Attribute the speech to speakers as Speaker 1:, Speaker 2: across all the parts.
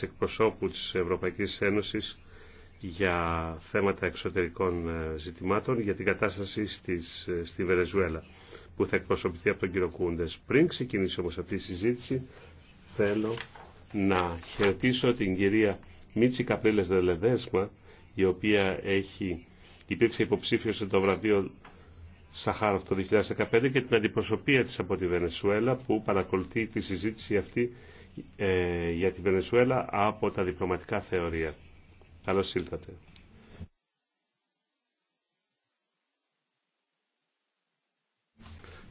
Speaker 1: της εκπροσώπου της Ευρωπαϊκής Ένωσης για θέματα εξωτερικών ε, ζητημάτων για την κατάσταση στις, ε, στη Βενεζουέλα που θα εκπροσωπηθεί από τον κύριο Κούντες. Πριν ξεκινήσει όμως αυτή η συζήτηση θέλω να χαιρετήσω την κυρία Μίτση Καπρίλες Δελεδέσμα η οποία έχει υπήρξε υποψήφιο σε το βραβείο Σαχάροφ το 2015 και την αντιπροσωπεία της από τη Βενεσουέλα που παρακολουθεί τη συζήτηση αυτή ε, για τη Βενεζουέλα από τα διπλωματικά θεωρία. Καλώ ήλθατε.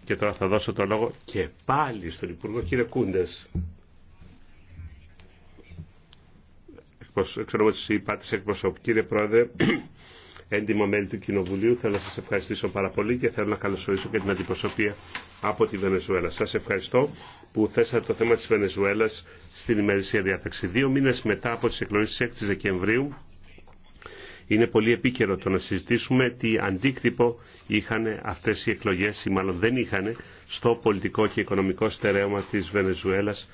Speaker 1: Και τώρα θα δώσω το λόγο και πάλι στον Υπουργό κύριε Κούντες. Ξέρω ότι σε εκπροσωπή κύριε Πρόεδρε, έντιμα μέλη του Κοινοβουλίου. Θέλω να σας ευχαριστήσω πάρα πολύ και θέλω να καλωσορίσω και την αντιπροσωπεία από τη Βενεζουέλα. Σας ευχαριστώ που θέσατε το θέμα της Βενεζουέλας στην ημερησία διάταξη. Δύο μήνες μετά από τις εκλογές της 6 Δεκεμβρίου είναι πολύ επίκαιρο το να συζητήσουμε τι αντίκτυπο είχαν αυτές οι εκλογές ή μάλλον δεν είχαν στο πολιτικό και οικονομικό στερέωμα της Βενεζουέλας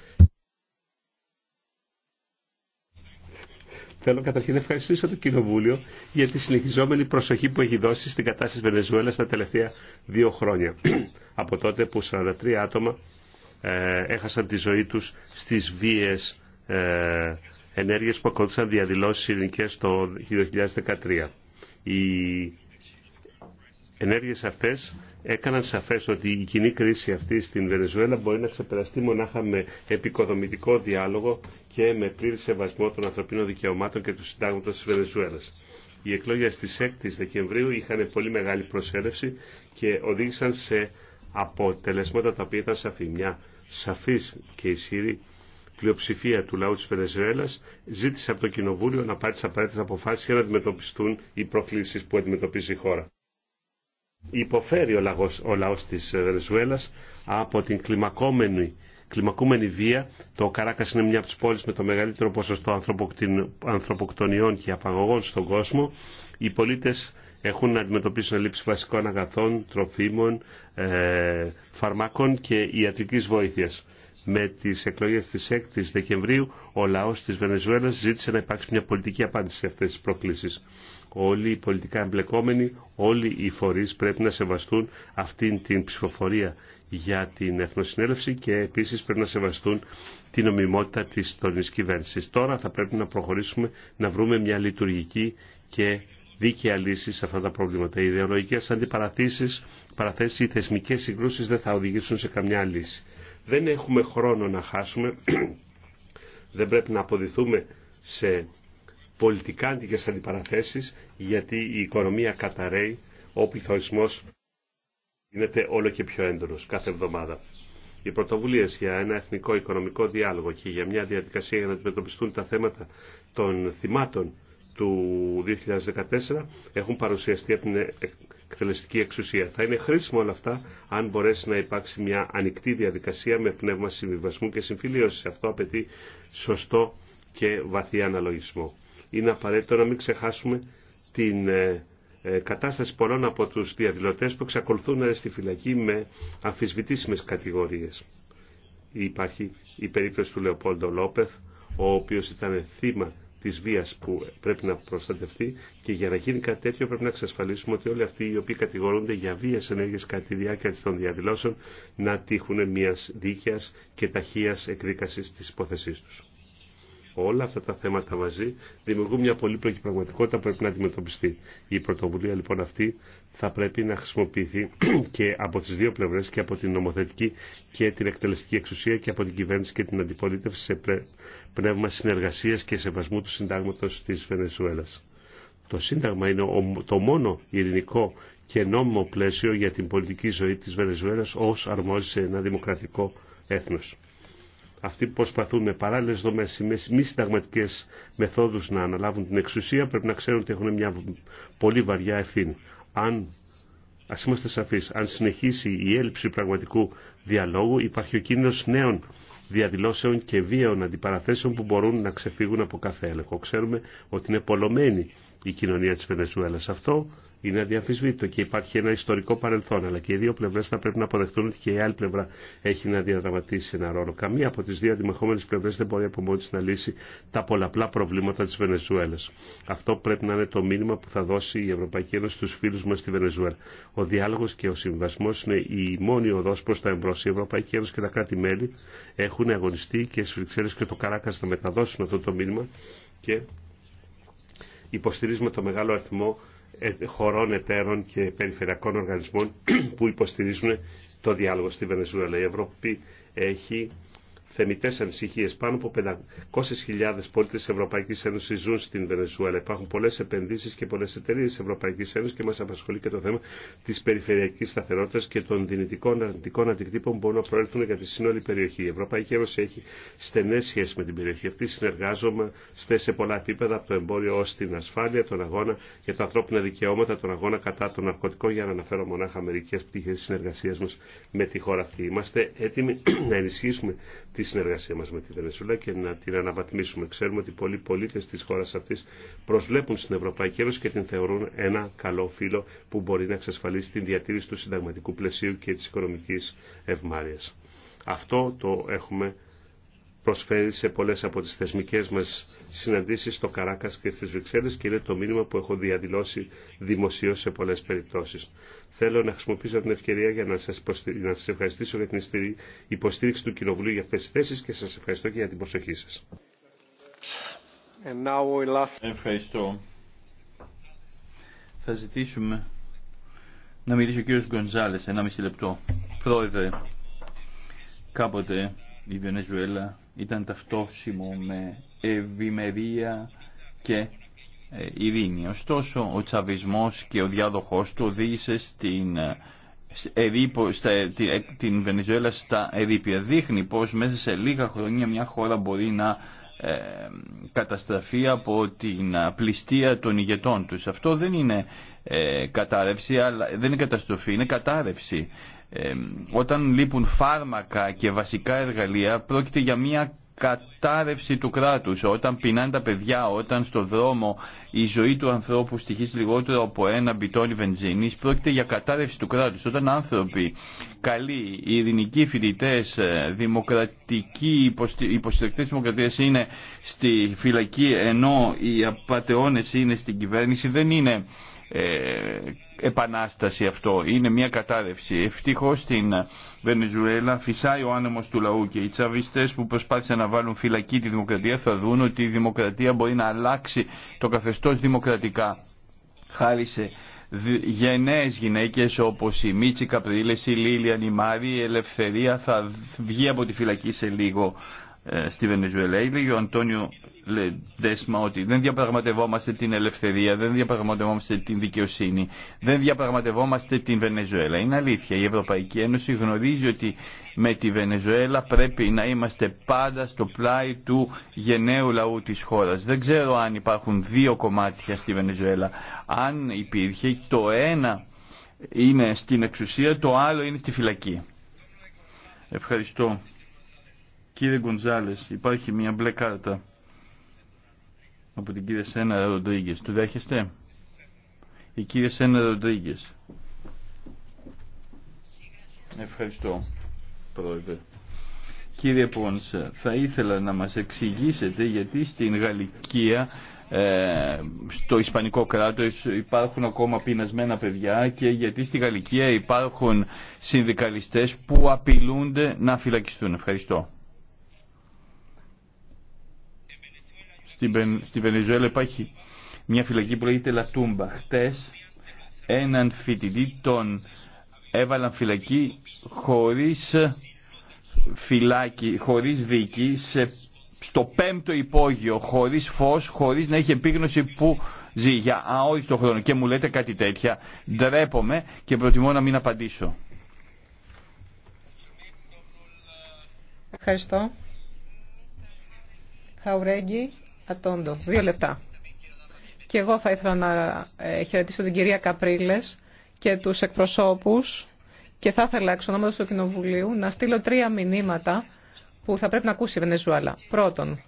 Speaker 1: Θέλω καταρχήν να ευχαριστήσω το Κοινοβούλιο για τη συνεχιζόμενη προσοχή που έχει δώσει στην κατάσταση Βενεζουέλα στα τελευταία δύο χρόνια. Από τότε που 43 άτομα ε, έχασαν τη ζωή τους στις βίες ε, ενέργειες που ακολούθησαν διαδηλώσεις ειρηνικές το 2013. Η ενέργειες αυτές έκαναν σαφές ότι η κοινή κρίση αυτή στην Βενεζουέλα μπορεί να ξεπεραστεί μονάχα με επικοδομητικό διάλογο και με πλήρη σεβασμό των ανθρωπίνων δικαιωμάτων και του συντάγματος της Βενεζουέλας. Οι εκλογέ της 6 Δεκεμβρίου είχαν πολύ μεγάλη προσέλευση και οδήγησαν σε αποτελεσμάτα τα οποία ήταν σαφή. Μια σαφής και ισχυρή πλειοψηφία του λαού τη Βενεζουέλα, ζήτησε από το Κοινοβούλιο να πάρει τι απαραίτητε αποφάσει για να αντιμετωπιστούν οι προκλήσει που αντιμετωπίζει η χώρα. Υποφέρει ο, λαγός, ο λαός της Βενεζουέλας από την κλιμακόμενη, κλιμακούμενη βία. Το Καράκας είναι μια από τις πόλεις με το μεγαλύτερο ποσοστό ανθρωποκτονιών και απαγωγών στον κόσμο. Οι πολίτες έχουν να αντιμετωπίσουν λήψη βασικών αγαθών, τροφίμων, ε, φαρμάκων και ιατρικής βοήθειας. Με τις εκλογές της 6ης Δεκεμβρίου, ο λαός της Βενεζουέλας ζήτησε να υπάρξει μια πολιτική απάντηση σε αυτές τις προκλήσεις όλοι οι πολιτικά εμπλεκόμενοι, όλοι οι φορείς πρέπει να σεβαστούν αυτήν την ψηφοφορία για την Εθνοσυνέλευση και επίσης πρέπει να σεβαστούν την ομιμότητα της τωρινής κυβέρνησης. Τώρα θα πρέπει να προχωρήσουμε να βρούμε μια λειτουργική και δίκαια λύση σε αυτά τα προβλήματα. Οι ιδεολογικές αντιπαραθέσεις, παραθέσεις ή θεσμικές συγκρούσεις δεν θα οδηγήσουν σε καμιά λύση. Δεν έχουμε χρόνο να χάσουμε, δεν πρέπει να αποδηθούμε σε πολιτικά πολιτικάντικες αντιπαραθέσεις γιατί η οικονομία καταραίει, ο πληθωρισμός γίνεται όλο και πιο έντονος κάθε εβδομάδα. Οι πρωτοβουλίε για ένα εθνικό οικονομικό διάλογο και για μια διαδικασία για να αντιμετωπιστούν τα θέματα των θυμάτων του 2014 έχουν παρουσιαστεί από την εκτελεστική εξουσία. Θα είναι χρήσιμο όλα αυτά αν μπορέσει να υπάρξει μια ανοιχτή διαδικασία με πνεύμα συμβιβασμού και συμφιλίωση. Αυτό απαιτεί σωστό και βαθύ αναλογισμό είναι απαραίτητο να μην ξεχάσουμε την ε, ε, κατάσταση πολλών από τους διαδηλωτές που εξακολουθούν στη φυλακή με αμφισβητήσιμες κατηγορίες. Υπάρχει η περίπτωση του Λεοπόλντο Λόπεθ, ο οποίος ήταν θύμα της βίας που πρέπει να προστατευτεί και για να γίνει κάτι τέτοιο πρέπει να εξασφαλίσουμε ότι όλοι αυτοί οι οποίοι κατηγορούνται για βίας ενέργειες κατά τη διάρκεια των διαδηλώσεων να τύχουν μιας δίκαιας και ταχείας εκδίκασης της υπόθεσής τους. Όλα αυτά τα θέματα μαζί δημιουργούν μια πολύπλοκη πραγματικότητα που πρέπει να αντιμετωπιστεί. Η πρωτοβουλία λοιπόν αυτή θα πρέπει να χρησιμοποιηθεί και από τις δύο πλευρές και από την νομοθετική και την εκτελεστική εξουσία και από την κυβέρνηση και την αντιπολίτευση σε πνεύμα συνεργασίας και σεβασμού του συντάγματος της Βενεζουέλας. Το Σύνταγμα είναι το μόνο ειρηνικό και νόμιμο πλαίσιο για την πολιτική ζωή της Βενεζουέλας ως αρμόζει σε ένα δημοκρατικό έθνος. Αυτοί που προσπαθούν με παράλληλε δομέ ή με μη συνταγματικέ μεθόδου να αναλάβουν την εξουσία πρέπει να ξέρουν ότι έχουν μια πολύ βαριά ευθύνη. Αν Α είμαστε σαφεί. Αν συνεχίσει η έλλειψη πραγματικού διαλόγου, υπάρχει ο κίνδυνο νέων διαδηλώσεων και βίαιων αντιπαραθέσεων που μπορούν να ξεφύγουν από κάθε έλεγχο. Ξέρουμε ότι είναι πολλωμένη η κοινωνία της Βενεζουέλας. Αυτό είναι αδιαφυσβήτητο και υπάρχει ένα ιστορικό παρελθόν, αλλά και οι δύο πλευρές θα πρέπει να αποδεχτούν ότι και η άλλη πλευρά έχει να διαδραματίσει ένα ρόλο. Καμία από τις δύο αντιμεχόμενες πλευρές δεν μπορεί από μόνη να λύσει τα πολλαπλά προβλήματα της Βενεζουέλας. Αυτό πρέπει να είναι το μήνυμα που θα δώσει η Ευρωπαϊκή Ένωση στους φίλους μας στη Βενεζουέλα. Ο διάλογος και ο συμβασμός είναι η μόνη οδός προς τα εμπρός. Η Ευρωπαϊκή Ένωση και τα κράτη-μέλη έχουν αγωνιστεί και στις και το Καράκας θα μεταδώσουν αυτό το μήνυμα και υποστηρίζουμε το μεγάλο αριθμό ε, χωρών εταίρων και περιφερειακών οργανισμών που υποστηρίζουν το διάλογο στη Βενεζουέλα. Η Ευρώπη έχει Θεμητέ ανησυχίε Πάνω από 500.000 πολίτε τη Ευρωπαϊκή Ένωση ζουν στην Βενεζουέλα. Υπάρχουν πολλέ επενδύσει και πολλέ εταιρείε τη Ευρωπαϊκή Ένωση και μα απασχολεί και το θέμα τη περιφερειακή σταθερότητα και των δυνητικών αρνητικών αντικτύπων που μπορούν να προέλθουν για τη σύνολη περιοχή. Η Ευρωπαϊκή Ένωση έχει στενέ σχέσει με την περιοχή αυτή. συνεργάζομαι, σε πολλά επίπεδα από το εμπόριο ω την ασφάλεια, τον αγώνα για τα ανθρώπινα δικαιώματα, τον αγώνα κατά των ναρκωτικών για να αναφέρω μονάχα μερικέ πτυχέ συνεργασία μα με τη χώρα αυτή. Είμαστε έτοιμοι να ενισχύσουμε τη συνεργασία μας με τη Βενεσούλα και να την αναβαθμίσουμε. Ξέρουμε ότι πολλοί πολίτες της χώρας αυτής προσβλέπουν στην Ευρωπαϊκή Ένωση και την θεωρούν ένα καλό φύλλο που μπορεί να εξασφαλίσει την διατήρηση του συνταγματικού πλαισίου και της οικονομικής ευμάρειας. Αυτό το έχουμε προσφέρει σε πολλέ από τι θεσμικέ μα συναντήσει στο Καράκα και στι Βρυξέλλε και είναι το μήνυμα που έχω διαδηλώσει δημοσίω σε πολλέ περιπτώσει. Θέλω να χρησιμοποιήσω την ευκαιρία για να σα ευχαριστήσω για την υποστήριξη του Κοινοβουλίου για αυτέ τι θέσει και σα ευχαριστώ και για την προσοχή σα.
Speaker 2: Ευχαριστώ. Θα ζητήσουμε να μιλήσει ο κύριος Γκονζάλες, ένα μισή λεπτό. Πρόεδρε, κάποτε η Βενεζουέλα ήταν ταυτόσιμο με ευημερία και ε, ειρήνη. Ωστόσο, ο τσαβισμός και ο διάδοχός του οδήγησε στην, ε, ερήπο, στα, ε, την Βενεζουέλα στα ερήπια. Δείχνει πως μέσα σε λίγα χρόνια μια χώρα μπορεί να καταστραφεί από την πληστία των ηγετών τους. Αυτό δεν είναι ε, αλλά δεν είναι καταστροφή, είναι κατάρρευση όταν λείπουν φάρμακα και βασικά εργαλεία πρόκειται για μια κατάρρευση του κράτους. Όταν πεινάνε τα παιδιά, όταν στο δρόμο η ζωή του ανθρώπου στοιχίζει λιγότερο από ένα μπιτόνι βενζίνης, πρόκειται για κατάρρευση του κράτους. Όταν άνθρωποι, καλοί, ειρηνικοί φοιτητέ, ε, δημοκρατικοί υποστηρικτές είναι στη φυλακή ενώ οι απαταιώνες είναι στην κυβέρνηση, δεν είναι ε, επανάσταση αυτό, είναι μια κατάρρευση. Ευτυχώ στην Βενεζουέλα φυσάει ο άνεμο του λαού και οι τσαβιστές που προσπάθησαν να βάλουν φυλακή τη δημοκρατία θα δουν ότι η δημοκρατία μπορεί να αλλάξει το καθεστώς δημοκρατικά. Χάρη σε γενναίε γυναίκες όπως η Μίτσι Καπρίλε, η Λίλια Νιμάρη, η Ελευθερία θα βγει από τη φυλακή σε λίγο. Ε, στη Βενεζουέλα. Έλεγε ο Αντώνιο Λεντέσμα ότι δεν διαπραγματευόμαστε την ελευθερία, δεν διαπραγματευόμαστε την δικαιοσύνη, δεν διαπραγματευόμαστε την Βενεζουέλα. Είναι αλήθεια. Η Ευρωπαϊκή Ένωση γνωρίζει ότι με τη Βενεζουέλα πρέπει να είμαστε πάντα στο πλάι του γενναίου λαού τη χώρα. Δεν ξέρω αν υπάρχουν δύο κομμάτια στη Βενεζουέλα. Αν υπήρχε, το ένα είναι στην εξουσία, το άλλο είναι στη φυλακή. Ευχαριστώ. Κύριε Γκοντζάλε, υπάρχει μια μπλε κάρτα από την κύριε Σένα Ροντρίγκε. Του δέχεστε? Η κύριε Σένα Ροντρίγκε. Ευχαριστώ, πρόεδρε. Κύριε Πόντ, θα ήθελα να μας εξηγήσετε γιατί στην Γαλλικία ε, στο Ισπανικό κράτος υπάρχουν ακόμα πεινασμένα παιδιά και γιατί στη Γαλλικία υπάρχουν συνδικαλιστές που απειλούνται να φυλακιστούν. Ευχαριστώ. Στη Βενεζουέλα υπάρχει μια φυλακή που λέγεται Λατούμπα. Χτες έναν φοιτητή τον έβαλαν φυλακή χωρίς φυλάκι, χωρίς δίκη, σε, στο πέμπτο υπόγειο, χωρίς φως, χωρίς να έχει επίγνωση που ζει για αόριστο χρόνο και μου λέτε κάτι τέτοια, ντρέπομαι και προτιμώ να μην απαντήσω.
Speaker 3: Ευχαριστώ. Χαουρέγγι, Ατόντο, δύο λεπτά. Και εγώ θα ήθελα να ε, χαιρετήσω την κυρία Καπρίλες και τους εκπροσώπους και θα ήθελα εξ ονόματος του Κοινοβουλίου να στείλω τρία μηνύματα που θα πρέπει να ακούσει η Βενεζουέλα. Πρώτον,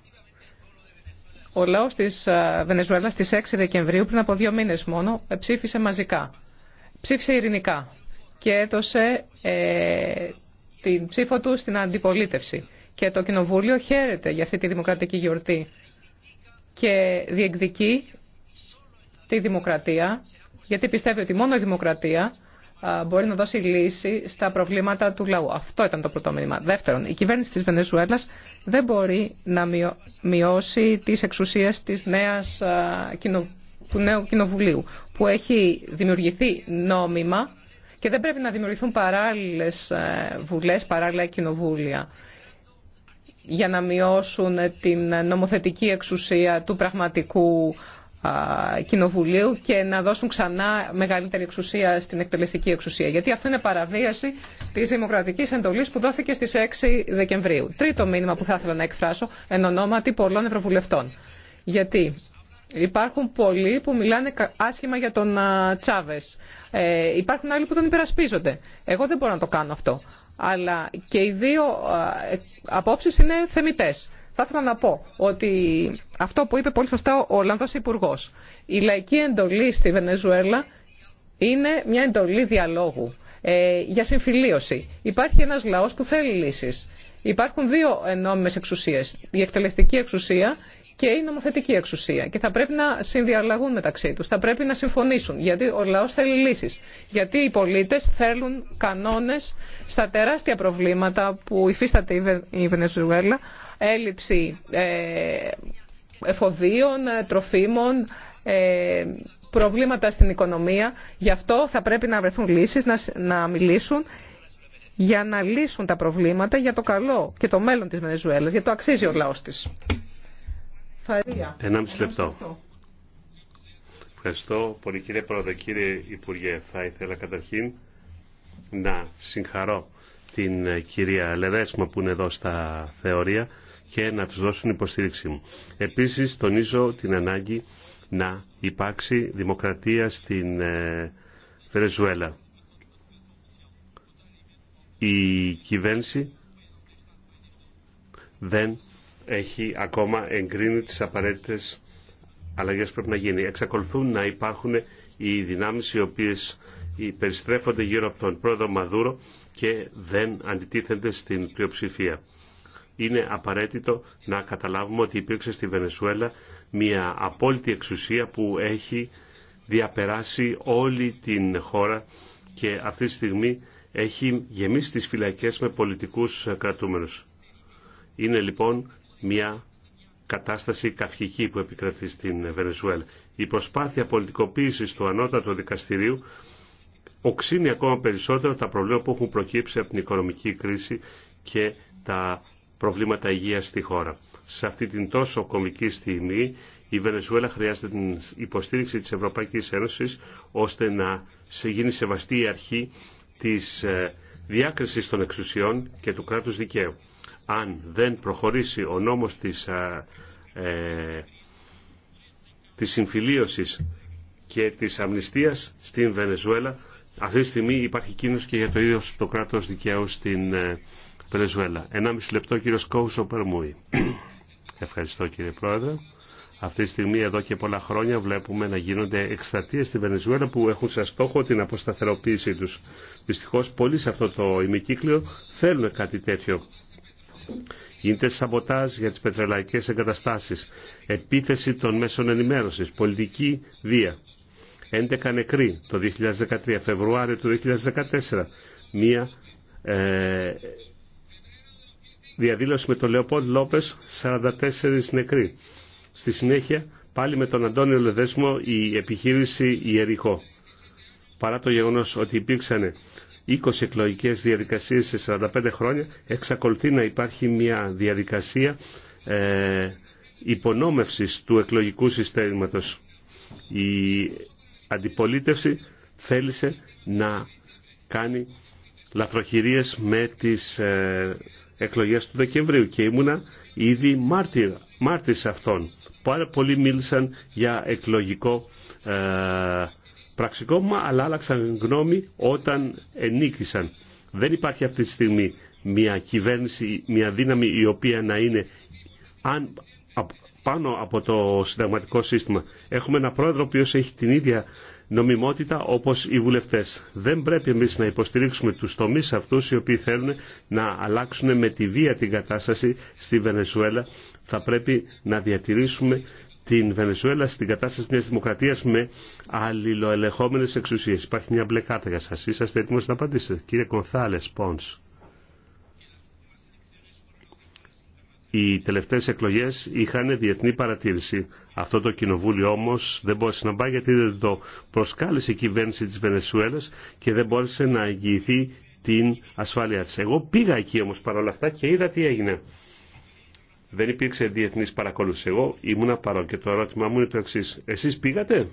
Speaker 3: ο λαός της ε, Βενεζουέλα στις 6 Δεκεμβρίου πριν από δύο μήνες μόνο ψήφισε μαζικά. Ψήφισε ειρηνικά και έδωσε ε, την ψήφο του στην αντιπολίτευση. Και το Κοινοβούλιο χαίρεται για αυτή τη δημοκρατική γιορτή και διεκδικεί τη δημοκρατία, γιατί πιστεύει ότι μόνο η δημοκρατία μπορεί να δώσει λύση στα προβλήματα του λαού. Αυτό ήταν το πρώτο μήνυμα. Δεύτερον, η κυβέρνηση της Βενεζουέλας δεν μπορεί να μειώσει τις εξουσίες της νέας, του νέου κοινοβουλίου που έχει δημιουργηθεί νόμιμα και δεν πρέπει να δημιουργηθούν παράλληλες ε, βουλές, παράλληλα κοινοβούλια για να μειώσουν την νομοθετική εξουσία του πραγματικού Κοινοβουλίου και να δώσουν ξανά μεγαλύτερη εξουσία στην εκτελεστική εξουσία. Γιατί αυτό είναι παραβίαση τη δημοκρατική εντολή που δόθηκε στι 6 Δεκεμβρίου. Τρίτο μήνυμα που θα ήθελα να εκφράσω εν ονόματι πολλών Ευρωβουλευτών. Γιατί υπάρχουν πολλοί που μιλάνε άσχημα για τον Τσάβε. Ε, υπάρχουν άλλοι που τον υπερασπίζονται. Εγώ δεν μπορώ να το κάνω αυτό αλλά και οι δύο ε, απόψεις είναι θεμητές. Θα ήθελα να πω ότι αυτό που είπε πολύ σωστά ο Ολλανδός υπουργό. η λαϊκή εντολή στη Βενεζουέλα είναι μια εντολή διαλόγου ε, για συμφιλίωση. Υπάρχει ένας λαός που θέλει λύσεις. Υπάρχουν δύο ενόμιμες εξουσίες, η εκτελεστική εξουσία και η νομοθετική εξουσία. Και θα πρέπει να συνδιαλλαγούν μεταξύ του. Θα πρέπει να συμφωνήσουν. Γιατί ο λαό θέλει λύσει. Γιατί οι πολίτε θέλουν κανόνε στα τεράστια προβλήματα που υφίσταται η Βενεζουέλα. Έλλειψη ε, εφοδίων, ε, τροφίμων, ε, προβλήματα στην οικονομία. Γι' αυτό θα πρέπει να βρεθούν λύσεις, να, να μιλήσουν για να λύσουν τα προβλήματα για το καλό και το μέλλον της Βενεζουέλας, για το αξίζει ο λαός της. Ένα λεπτό.
Speaker 1: Ευχαριστώ πολύ κύριε Πρόεδρε, κύριε Υπουργέ. Θα ήθελα καταρχήν να συγχαρώ την ε, κυρία Λεδέσμα που είναι εδώ στα θεωρία και να τους δώσουν υποστήριξη μου. Επίσης τονίζω την ανάγκη να υπάρξει δημοκρατία στην ε, Βενεζουέλα. Η κυβέρνηση δεν έχει ακόμα εγκρίνει τις απαραίτητες αλλαγές που πρέπει να γίνει. Εξακολουθούν να υπάρχουν οι δυνάμεις οι οποίες περιστρέφονται γύρω από τον πρόεδρο Μαδούρο και δεν αντιτίθενται στην πλειοψηφία. Είναι απαραίτητο να καταλάβουμε ότι υπήρξε στη Βενεσουέλα μια απόλυτη εξουσία που έχει διαπεράσει όλη την χώρα και αυτή τη στιγμή έχει γεμίσει τις φυλακές με πολιτικούς κρατούμενους. Είναι λοιπόν μια κατάσταση καυχική που επικρατεί στην Βενεζουέλα. Η προσπάθεια πολιτικοποίησης του ανώτατου δικαστηρίου οξύνει ακόμα περισσότερο τα προβλήματα που έχουν προκύψει από την οικονομική κρίση και τα προβλήματα υγείας στη χώρα. Σε αυτή την τόσο κομική στιγμή η Βενεζουέλα χρειάζεται την υποστήριξη της Ευρωπαϊκής Ένωσης ώστε να σε γίνει σεβαστή η αρχή της ε, διάκριση των εξουσιών και του κράτους δικαίου αν δεν προχωρήσει ο νόμος της, ε, της συμφιλίωσης και της αμνηστίας στην Βενεζουέλα. Αυτή τη στιγμή υπάρχει κίνδυνος και για το ίδιο το κράτος δικαίου στην ε, Βενεζουέλα. Ένα λεπτό κύριο Κόουσο Ευχαριστώ κύριε Πρόεδρε. Αυτή τη στιγμή εδώ και πολλά χρόνια βλέπουμε να γίνονται εκστατείες στη Βενεζουέλα που έχουν σαν στόχο την αποσταθεροποίησή τους. Δυστυχώς πολλοί σε αυτό το ημικύκλιο θέλουν κάτι τέτοιο. Γίνεται σαμποτάζ για τις πετρελαϊκές εγκαταστάσεις, επίθεση των μέσων ενημέρωσης, πολιτική βία. 11 νεκροί το 2013, Φεβρουάριο του 2014, μία ε, διαδήλωση με τον Λεοπόντ Λόπες, 44 νεκροί. Στη συνέχεια, πάλι με τον Αντώνιο Λεδέσμο, η επιχείρηση Ιερικό. Παρά το γεγονός ότι υπήρξαν 20 εκλογικέ διαδικασίες σε 45 χρόνια εξακολουθεί να υπάρχει μια διαδικασία ε, υπονόμευσης του εκλογικού συστήματο. Η αντιπολίτευση θέλησε να κάνει λαθροχειρίες με τις ε, εκλογές του Δεκεμβρίου και ήμουνα ήδη μάρτυρ, μάρτης αυτών. Πάρα πολλοί μίλησαν για εκλογικό ε, πραξικόπημα, αλλά άλλαξαν γνώμη όταν ενίκησαν. Δεν υπάρχει αυτή τη στιγμή μια κυβέρνηση, μια δύναμη η οποία να είναι αν, πάνω από το συνταγματικό σύστημα. Έχουμε ένα πρόεδρο ο έχει την ίδια νομιμότητα όπως οι βουλευτές. Δεν πρέπει εμείς να υποστηρίξουμε τους τομείς αυτούς οι οποίοι θέλουν να αλλάξουν με τη βία την κατάσταση στη Βενεζουέλα. Θα πρέπει να διατηρήσουμε την Βενεζουέλα στην κατάσταση μιας δημοκρατίας με αλληλοελεγχόμενες εξουσίες. Υπάρχει μια μπλε κάρτα για σας. Είσαστε έτοιμος να απαντήσετε. Κύριε Κονθάλες Πόνς. Οι τελευταίες εκλογές είχαν διεθνή παρατήρηση. Αυτό το κοινοβούλιο όμως δεν μπόρεσε να πάει γιατί δεν το προσκάλεσε η κυβέρνηση της Βενεζουέλας και δεν μπόρεσε να εγγυηθεί την ασφάλεια της. Εγώ πήγα εκεί όμως παρόλα αυτά και είδα τι έγινε δεν υπήρξε διεθνής παρακολούθηση. Εγώ ήμουνα παρόν και το ερώτημά μου είναι το εξής. Εσείς πήγατε?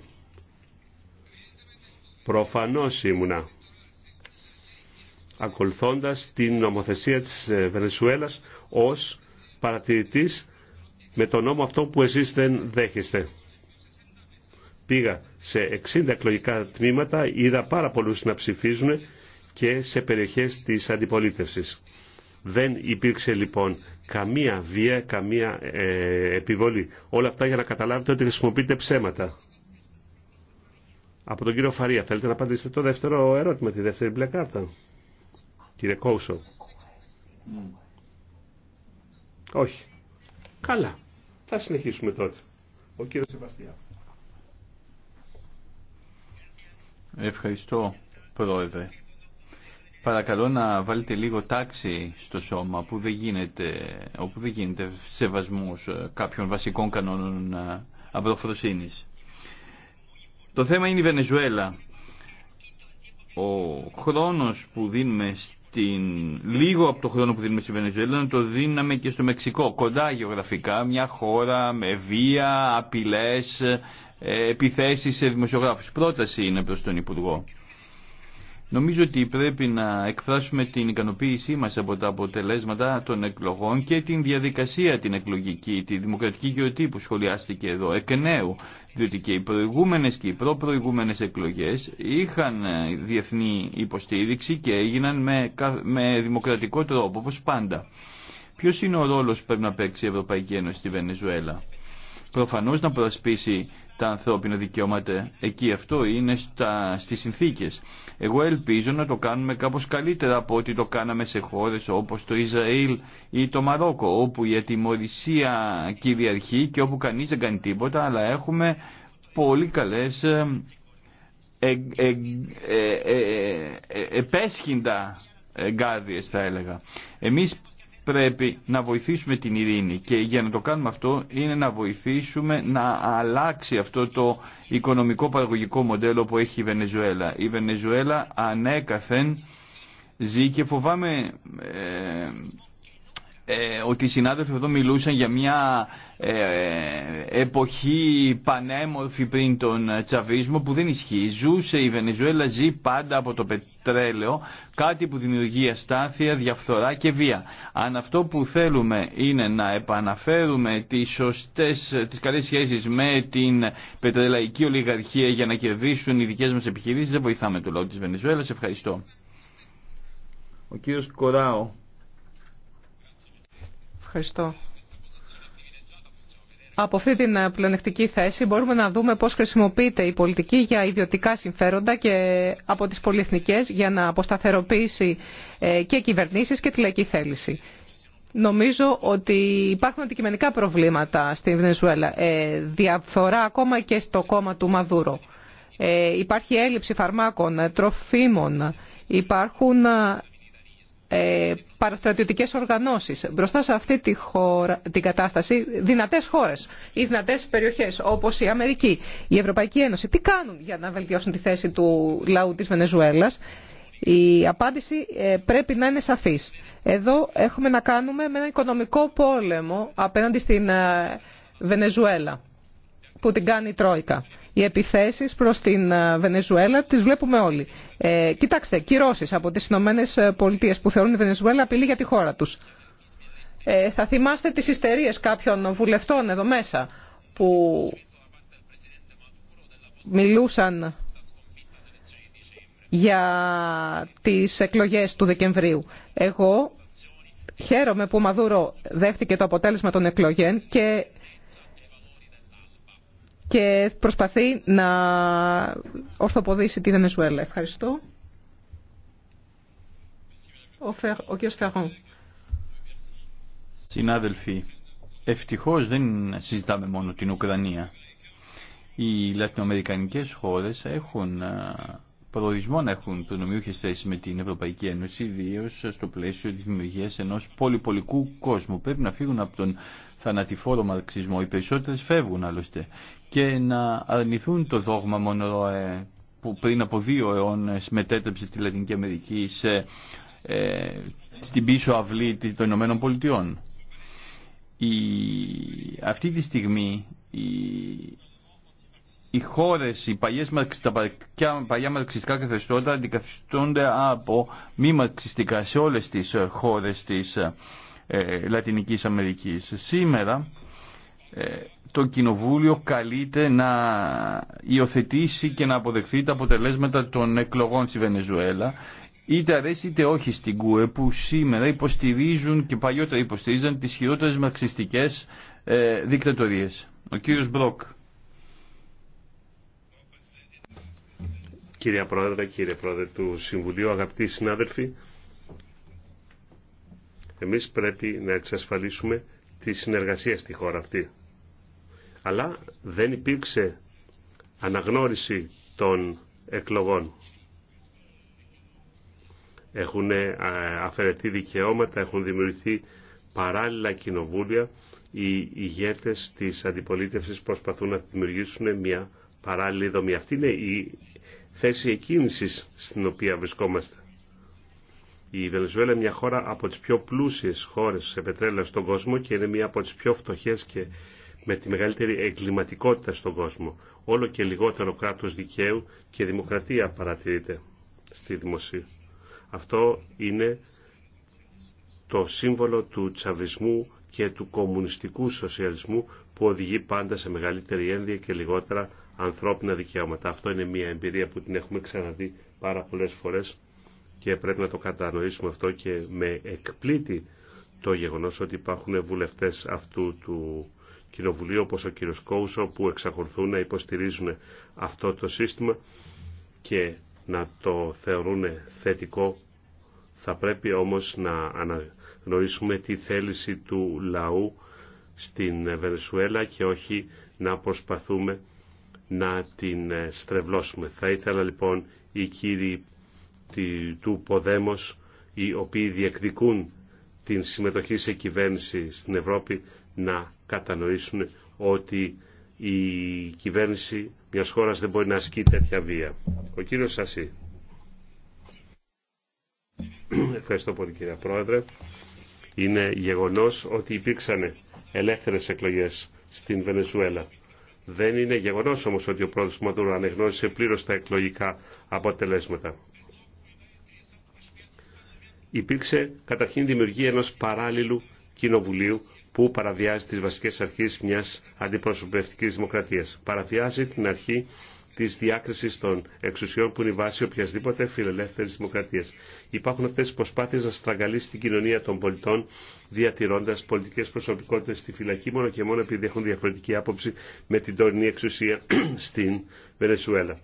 Speaker 1: Προφανώς ήμουνα. Ακολουθώντας την νομοθεσία της ε, Βενεσουέλας ως παρατηρητής με τον νόμο αυτό που εσείς δεν δέχεστε. Πήγα σε 60 εκλογικά τμήματα, είδα πάρα πολλούς να ψηφίζουν και σε περιοχές της αντιπολίτευσης. Δεν υπήρξε λοιπόν καμία βία, καμία ε, επιβολή. Όλα αυτά για να καταλάβετε ότι χρησιμοποιείτε ψέματα. Από τον κύριο Φαρία, θέλετε να απαντήσετε το δεύτερο ερώτημα, τη δεύτερη μπλε κάρτα. Κύριε Κόουσο. Όχι. Καλά. Θα συνεχίσουμε τότε. Ο κύριος Σεβαστιά.
Speaker 2: Ευχαριστώ, Πρόεδρε. Παρακαλώ να βάλετε λίγο τάξη στο σώμα που δεν γίνεται, όπου δεν γίνεται σεβασμός ε, κάποιων βασικών κανόνων ε, αυροφροσύνης. Το θέμα είναι η Βενεζουέλα. Ο χρόνος που δίνουμε στην... λίγο από το χρόνο που δίνουμε στη Βενεζουέλα το δίναμε και στο Μεξικό, κοντά γεωγραφικά, μια χώρα με βία, απειλές, ε, επιθέσεις σε δημοσιογράφους. Πρόταση είναι προς τον Υπουργό Νομίζω ότι πρέπει να εκφράσουμε την ικανοποίησή μας από τα αποτελέσματα των εκλογών και την διαδικασία την εκλογική, τη δημοκρατική γιορτή που σχολιάστηκε εδώ εκ νέου, διότι και οι προηγούμενες και οι προπροηγούμενες εκλογές είχαν ε, διεθνή υποστήριξη και έγιναν με, δημοκρατικό τρόπο, όπως πάντα. Ποιος είναι ο ρόλος που πρέπει να παίξει η Ευρωπαϊκή Ένωση στη Βενεζουέλα. Προφανώς να προασπίσει τα ανθρώπινα δικαιώματα εκεί. Αυτό είναι στα, στις συνθήκες. Εγώ ελπίζω να το κάνουμε κάπως καλύτερα από ό,τι το κάναμε σε χώρες όπως το Ισραήλ ή το Μαρόκο, όπου η ατιμορρησία κυριαρχεί και όπου κανείς δεν κάνει τίποτα, αλλά έχουμε πολύ καλές ε, ε, ε, επέσχυντα εγκάδιες θα έλεγα. Εμείς πρέπει να βοηθήσουμε την ειρήνη και για να το κάνουμε αυτό είναι να βοηθήσουμε να αλλάξει αυτό το οικονομικό παραγωγικό μοντέλο που έχει η Βενεζουέλα. Η Βενεζουέλα ανέκαθεν ζει και φοβάμαι ε, ε, ότι οι συνάδελφοι εδώ μιλούσαν για μια ε, εποχή πανέμορφη πριν τον ε, τσαβίσμο που δεν ισχύει. Ζούσε η Βενεζουέλα, ζει πάντα από το πετρέλαιο, κάτι που δημιουργεί αστάθεια, διαφθορά και βία. Αν αυτό που θέλουμε είναι να επαναφέρουμε τις σωστές, τις καλές σχέσεις με την πετρελαϊκή ολιγαρχία για να κερδίσουν οι δικές μας επιχειρήσεις, δεν βοηθάμε το λόγο της Βενεζουέλας. Ευχαριστώ. Ο κύριος Κοράο.
Speaker 3: Ευχαριστώ. Από αυτή την ε, πλεονεκτική θέση μπορούμε να δούμε πώς χρησιμοποιείται η πολιτική για ιδιωτικά συμφέροντα και από τις πολυεθνικές για να αποσταθεροποιήσει ε, και κυβερνήσεις και τη λαϊκή θέληση. Νομίζω ότι υπάρχουν αντικειμενικά προβλήματα στη Βενεζουέλα. Ε, διαφθορά ακόμα και στο κόμμα του Μαδούρο. υπάρχει έλλειψη φαρμάκων, τροφίμων. Υπάρχουν ε, παραστρατιωτικές οργανώσεις. Μπροστά σε αυτή τη την κατάσταση, δυνατές χώρες ή δυνατές περιοχές όπως η Αμερική, η Ευρωπαϊκή Ένωση, τι κάνουν για να βελτιώσουν τη θέση του λαού της Βενεζουέλας. Η απάντηση ε, πρέπει να είναι σαφής. Εδώ έχουμε να κάνουμε με ένα οικονομικό πόλεμο απέναντι στην ε, Βενεζουέλα που την κάνει η Τρόικα. Οι επιθέσει προς την ε, Βενεζουέλα τις βλέπουμε όλοι. Ε, κοιτάξτε, κυρώσει από τις Ηνωμένε ε, Πολιτείες που θεωρούν η Βενεζουέλα απειλή για τη χώρα τους. Ε, θα θυμάστε τις ιστερίε κάποιων βουλευτών εδώ μέσα που μιλούσαν για τις εκλογές του Δεκεμβρίου. Εγώ χαίρομαι που ο Μαδούρο δέχτηκε το αποτέλεσμα των εκλογέν και και προσπαθεί να ορθοποδήσει τη Βενεζουέλα. Ευχαριστώ. Ο, Φερ, ο κ. Φερόν.
Speaker 2: Συνάδελφοι, ευτυχώς δεν συζητάμε μόνο την Ουκρανία. Οι λατινοαμερικανικές χώρες έχουν προορισμό να έχουν προνομιούχες θέσεις με την Ευρωπαϊκή Ένωση, ιδίω στο πλαίσιο της δημιουργίας ενός πολυπολικού κόσμου. Πρέπει να φύγουν από τον θανατηφόρο μαρξισμό. Οι περισσότερες φεύγουν άλλωστε και να αρνηθούν το δόγμα ε, που πριν από δύο αιώνες μετέτρεψε τη Λατινική Αμερική σε, ε, στην πίσω αυλή των Ηνωμένων Πολιτειών. Η, αυτή τη στιγμή η, οι χώρες, οι παλιές, τα παλιά μαρξιστικά καθεστώτα αντικαθιστούνται από μη μαρξιστικά σε όλες τις χώρες της ε, Λατινικής Αμερικής. Σήμερα ε, το Κοινοβούλιο καλείται να υιοθετήσει και να αποδεχθεί τα αποτελέσματα των εκλογών στη Βενεζουέλα είτε αρέσει είτε όχι στην ΚΟΕ που σήμερα υποστηρίζουν και παλιότερα υποστηρίζαν τις χειρότερες μαξιστικές ε, δικτατορίες. Ο κύριος Μπρόκ. Κύριε Πρόεδρε,
Speaker 1: κύριε Πρόεδρε του Συμβουλίου, αγαπητοί συνάδελφοι, εμείς πρέπει να εξασφαλίσουμε τη συνεργασία στη χώρα αυτή αλλά δεν υπήρξε αναγνώριση των εκλογών. Έχουν ε, αφαιρεθεί δικαιώματα, έχουν δημιουργηθεί παράλληλα κοινοβούλια. Οι ηγέτες της αντιπολίτευσης προσπαθούν να δημιουργήσουν μια παράλληλη δομή. Αυτή είναι η θέση εκκίνησης στην οποία βρισκόμαστε. Η Βενεζουέλα είναι μια χώρα από τις πιο πλούσιες χώρες σε πετρέλαιο στον κόσμο και είναι μια από τις πιο φτωχές και με τη μεγαλύτερη εγκληματικότητα στον κόσμο. Όλο και λιγότερο κράτος δικαίου και δημοκρατία παρατηρείται στη δημοσία. Αυτό είναι το σύμβολο του τσαβισμού και του κομμουνιστικού σοσιαλισμού που οδηγεί πάντα σε μεγαλύτερη ένδυα και λιγότερα ανθρώπινα δικαιώματα. Αυτό είναι μια εμπειρία που την έχουμε ξαναδεί πάρα πολλές φορές και πρέπει να το κατανοήσουμε αυτό και με εκπλήτη το γεγονός ότι υπάρχουν βουλευτές αυτού του Κοινοβουλίου όπως ο κύριος Κόουσο που εξακολουθούν να υποστηρίζουν αυτό το σύστημα και να το θεωρούν θετικό. Θα πρέπει όμως να αναγνωρίσουμε τη θέληση του λαού στην Βενεσουέλα και όχι να προσπαθούμε να την στρεβλώσουμε. Θα ήθελα λοιπόν οι κύριοι του Ποδέμος, οι οποίοι διεκδικούν την συμμετοχή σε κυβέρνηση στην Ευρώπη, να κατανοήσουν ότι η κυβέρνηση μιας χώρας δεν μπορεί να ασκεί τέτοια βία. Ο κύριος Σασί. Ευχαριστώ πολύ κύριε Πρόεδρε. Είναι γεγονός ότι υπήρξαν ελεύθερες εκλογές στην Βενεζουέλα. Δεν είναι γεγονός όμως ότι ο πρόεδρος Μαδούρο ανεγνώρισε πλήρως τα εκλογικά αποτελέσματα. Υπήρξε καταρχήν δημιουργία ενός παράλληλου κοινοβουλίου που παραβιάζει τις βασικές αρχές μιας αντιπροσωπευτικής δημοκρατίας. Παραβιάζει την αρχή της διάκριση των εξουσιών που είναι η βάση οποιασδήποτε φιλελεύθερης δημοκρατίας. Υπάρχουν αυτέ οι προσπάθειες να στραγγαλίσει την κοινωνία των πολιτών, διατηρώντα πολιτικές προσωπικότητες στη φυλακή μόνο και μόνο επειδή έχουν διαφορετική άποψη με την τωρινή εξουσία στην Βενεσουέλα.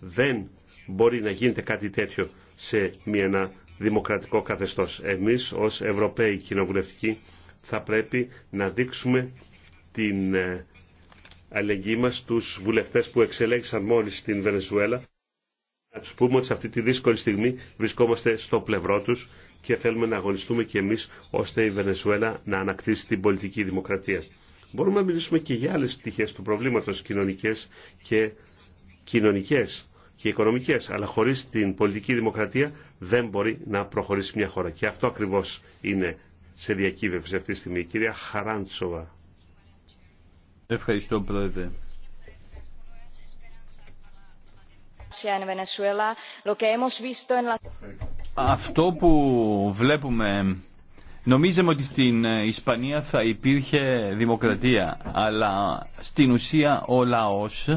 Speaker 1: Δεν μπορεί να γίνεται κάτι τέτοιο σε μια, δημοκρατικό καθεστώ. Εμεί ω Ευρωπαίοι κοινοβουλευτικοί θα πρέπει να δείξουμε την ε, αλληλεγγύη μας στους βουλευτές που εξελέγησαν μόλις στην Βενεζουέλα. Να τους πούμε ότι σε αυτή τη δύσκολη στιγμή βρισκόμαστε στο πλευρό τους και θέλουμε να αγωνιστούμε και εμείς ώστε η Βενεζουέλα να ανακτήσει την πολιτική δημοκρατία. Μπορούμε να μιλήσουμε και για άλλες πτυχές του προβλήματος κοινωνικές και κοινωνικές και οικονομικές, αλλά χωρίς την πολιτική δημοκρατία δεν μπορεί να προχωρήσει μια χώρα. Και αυτό ακριβώς είναι σε διακύβευση αυτή τη στιγμή. Η κυρία Χαράντσοβα. Ευχαριστώ πρόεδρε.
Speaker 2: Αυτό που βλέπουμε, νομίζαμε ότι στην Ισπανία θα υπήρχε δημοκρατία, αλλά στην ουσία ο λαός,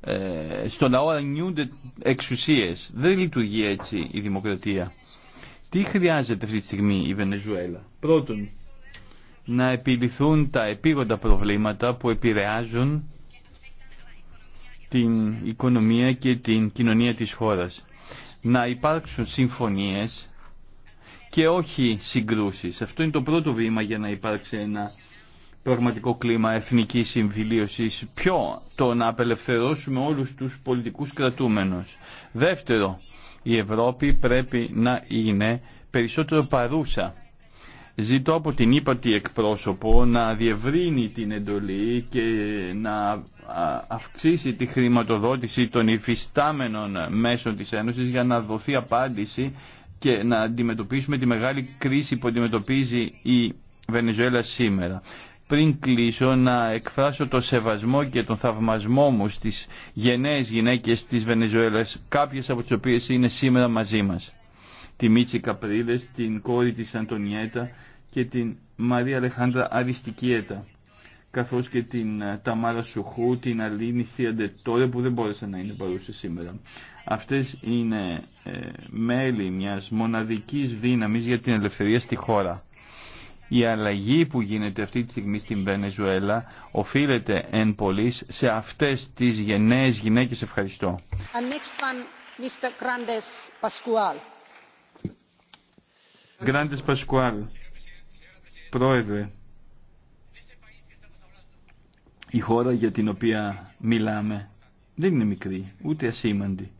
Speaker 2: ε, στον λαό αρνιούνται εξουσίες. Δεν λειτουργεί έτσι η δημοκρατία. Τι χρειάζεται αυτή τη στιγμή η Βενεζουέλα. Πρώτον, να επιληθούν τα επίγοντα προβλήματα που επηρεάζουν την οικονομία και την κοινωνία της χώρας. Να υπάρξουν συμφωνίες και όχι συγκρούσεις. Αυτό είναι το πρώτο βήμα για να υπάρξει ένα πραγματικό κλίμα εθνικής συμφιλίωσης. Ποιο το να απελευθερώσουμε όλους τους πολιτικούς κρατούμενους. Δεύτερο, η Ευρώπη πρέπει να είναι περισσότερο παρούσα. Ζητώ από την ύπατη εκπρόσωπο να διευρύνει την εντολή και να αυξήσει τη χρηματοδότηση των υφιστάμενων μέσων της Ένωσης για να δοθεί απάντηση και να αντιμετωπίσουμε τη μεγάλη κρίση που αντιμετωπίζει η Βενεζουέλα σήμερα πριν κλείσω να εκφράσω το σεβασμό και τον θαυμασμό μου στις γενναίες γυναίκες της Βενεζουέλας, κάποιες από τις οποίες είναι σήμερα μαζί μας. Τη Μίτσι Καπρίλες, την κόρη της Αντωνιέτα και την Μαρία Αλεχάνδρα Αριστικιέτα, καθώς και την ε, Ταμάρα Σουχού, την Αλίνη Θίαντε τώρα που δεν μπόρεσαν να είναι παρούσε σήμερα. Αυτές είναι ε, μέλη μιας μοναδικής δύναμης για την ελευθερία στη χώρα η αλλαγή που γίνεται αυτή τη στιγμή στην Βενεζουέλα οφείλεται εν πολλής σε αυτές τις γενναίες γυναίκες. Ευχαριστώ. Γκράντες Πασκουάλ, πρόεδρε, η χώρα για την οποία μιλάμε δεν είναι μικρή, ούτε ασήμαντη.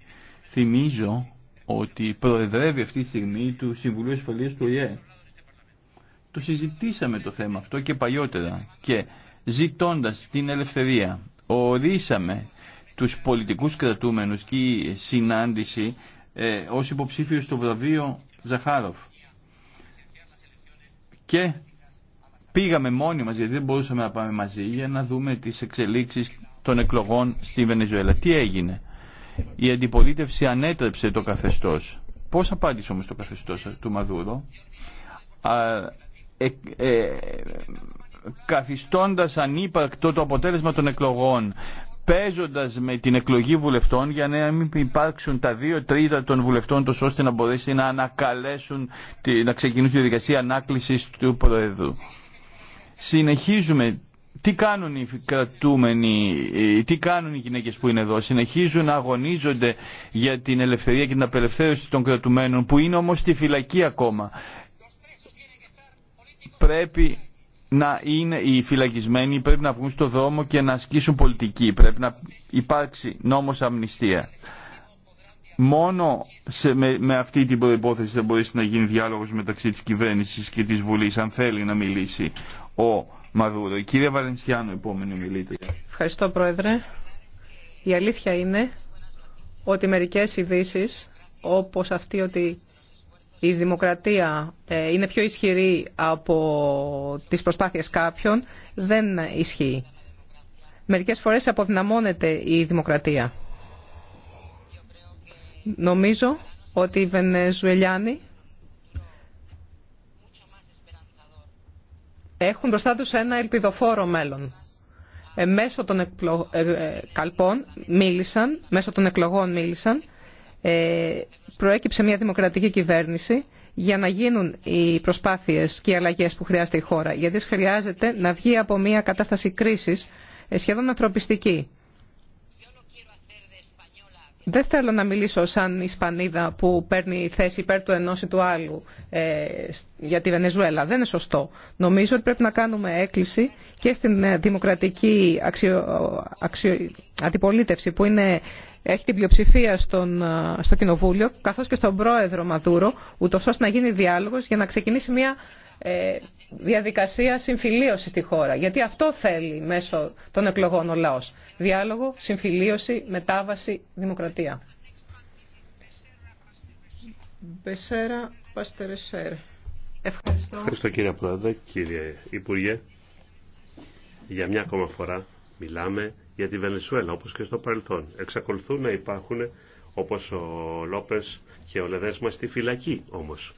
Speaker 2: Θυμίζω ότι προεδρεύει αυτή τη στιγμή του Συμβουλίου Ασφαλείας του ΟΗΕ το συζητήσαμε το θέμα αυτό και παλιότερα και ζητώντας την ελευθερία ορίσαμε τους πολιτικούς κρατούμενους και η συνάντηση ε, ως υποψήφιος στο βραβείο Ζαχάροφ. Και πήγαμε μόνοι μας γιατί δεν μπορούσαμε να πάμε μαζί για να δούμε τις εξελίξεις των εκλογών στη Βενεζουέλα. Τι έγινε. Η αντιπολίτευση ανέτρεψε το καθεστώς. Πώς απάντησε όμως το καθεστώς του Μαδούρο. Ε, ε, καθιστώντας ανύπαρκτο το αποτέλεσμα των εκλογών παίζοντας με την εκλογή βουλευτών για να μην υπάρξουν τα δύο τρίτα των βουλευτών τους ώστε να μπορέσει να ανακαλέσουν, να ξεκινήσουν τη διαδικασία ανάκλησης του Προεδρού. Συνεχίζουμε τι κάνουν οι κρατούμενοι, ε, τι κάνουν οι γυναίκες που είναι εδώ. Συνεχίζουν να αγωνίζονται για την ελευθερία και την απελευθέρωση των κρατουμένων που είναι όμως στη φυλακή ακόμα πρέπει να είναι οι φυλακισμένοι, πρέπει να βγουν στο δρόμο και να ασκήσουν πολιτική. Πρέπει να υπάρξει νόμος αμνηστία. Μόνο σε, με, αυτή την προϋπόθεση θα μπορέσει να γίνει διάλογος μεταξύ της κυβέρνησης και της Βουλής, αν θέλει να μιλήσει ο Μαδούρο. Η κυρία Βαλενσιάνο, επόμενη μιλήτρια.
Speaker 3: Ευχαριστώ, Πρόεδρε. Η αλήθεια είναι ότι μερικές ειδήσει, όπως αυτή ότι η δημοκρατία ε, είναι πιο ισχυρή από τις προσπάθειες κάποιων, δεν ισχύει. Μερικές φορές αποδυναμώνεται η δημοκρατία. Νομίζω ότι οι Βενεζουελιάνοι έχουν μπροστά τους ένα ελπιδοφόρο μέλλον. Ε, μέσω των ε, καλπών μίλησαν, μέσω των εκλογών μίλησαν ε, προέκυψε μια δημοκρατική κυβέρνηση για να γίνουν οι προσπάθειες και οι αλλαγές που χρειάζεται η χώρα. Γιατί χρειάζεται να βγει από μια κατάσταση κρίσης ε, σχεδόν ανθρωπιστική. Δεν θέλω να μιλήσω σαν Ισπανίδα που παίρνει θέση υπέρ του ενός ή του άλλου ε, για τη Βενεζουέλα. Δεν είναι σωστό. Νομίζω ότι πρέπει να κάνουμε έκκληση και στην δημοκρατική αξιο... αντιπολίτευση που είναι έχει την πλειοψηφία στον, ε, στο Κοινοβούλιο, καθώς και στον πρόεδρο Μαδούρο, ούτω ώστε να γίνει διάλογος για να ξεκινήσει μια ε, διαδικασία συμφιλίωση στη χώρα. Γιατί αυτό θέλει μέσω των εκλογών ο λαό. Διάλογο, συμφιλίωση, μετάβαση, δημοκρατία. Ευχαριστώ. Ευχαριστώ
Speaker 1: κύριε Πρόεδρε, κύριε Υπουργέ. Για μια ακόμα φορά μιλάμε για τη Βενεσουέλα, όπως και στο παρελθόν. Εξακολουθούν να υπάρχουν, όπως ο Λόπες και ο Λεδέσμα, στη φυλακή όμως.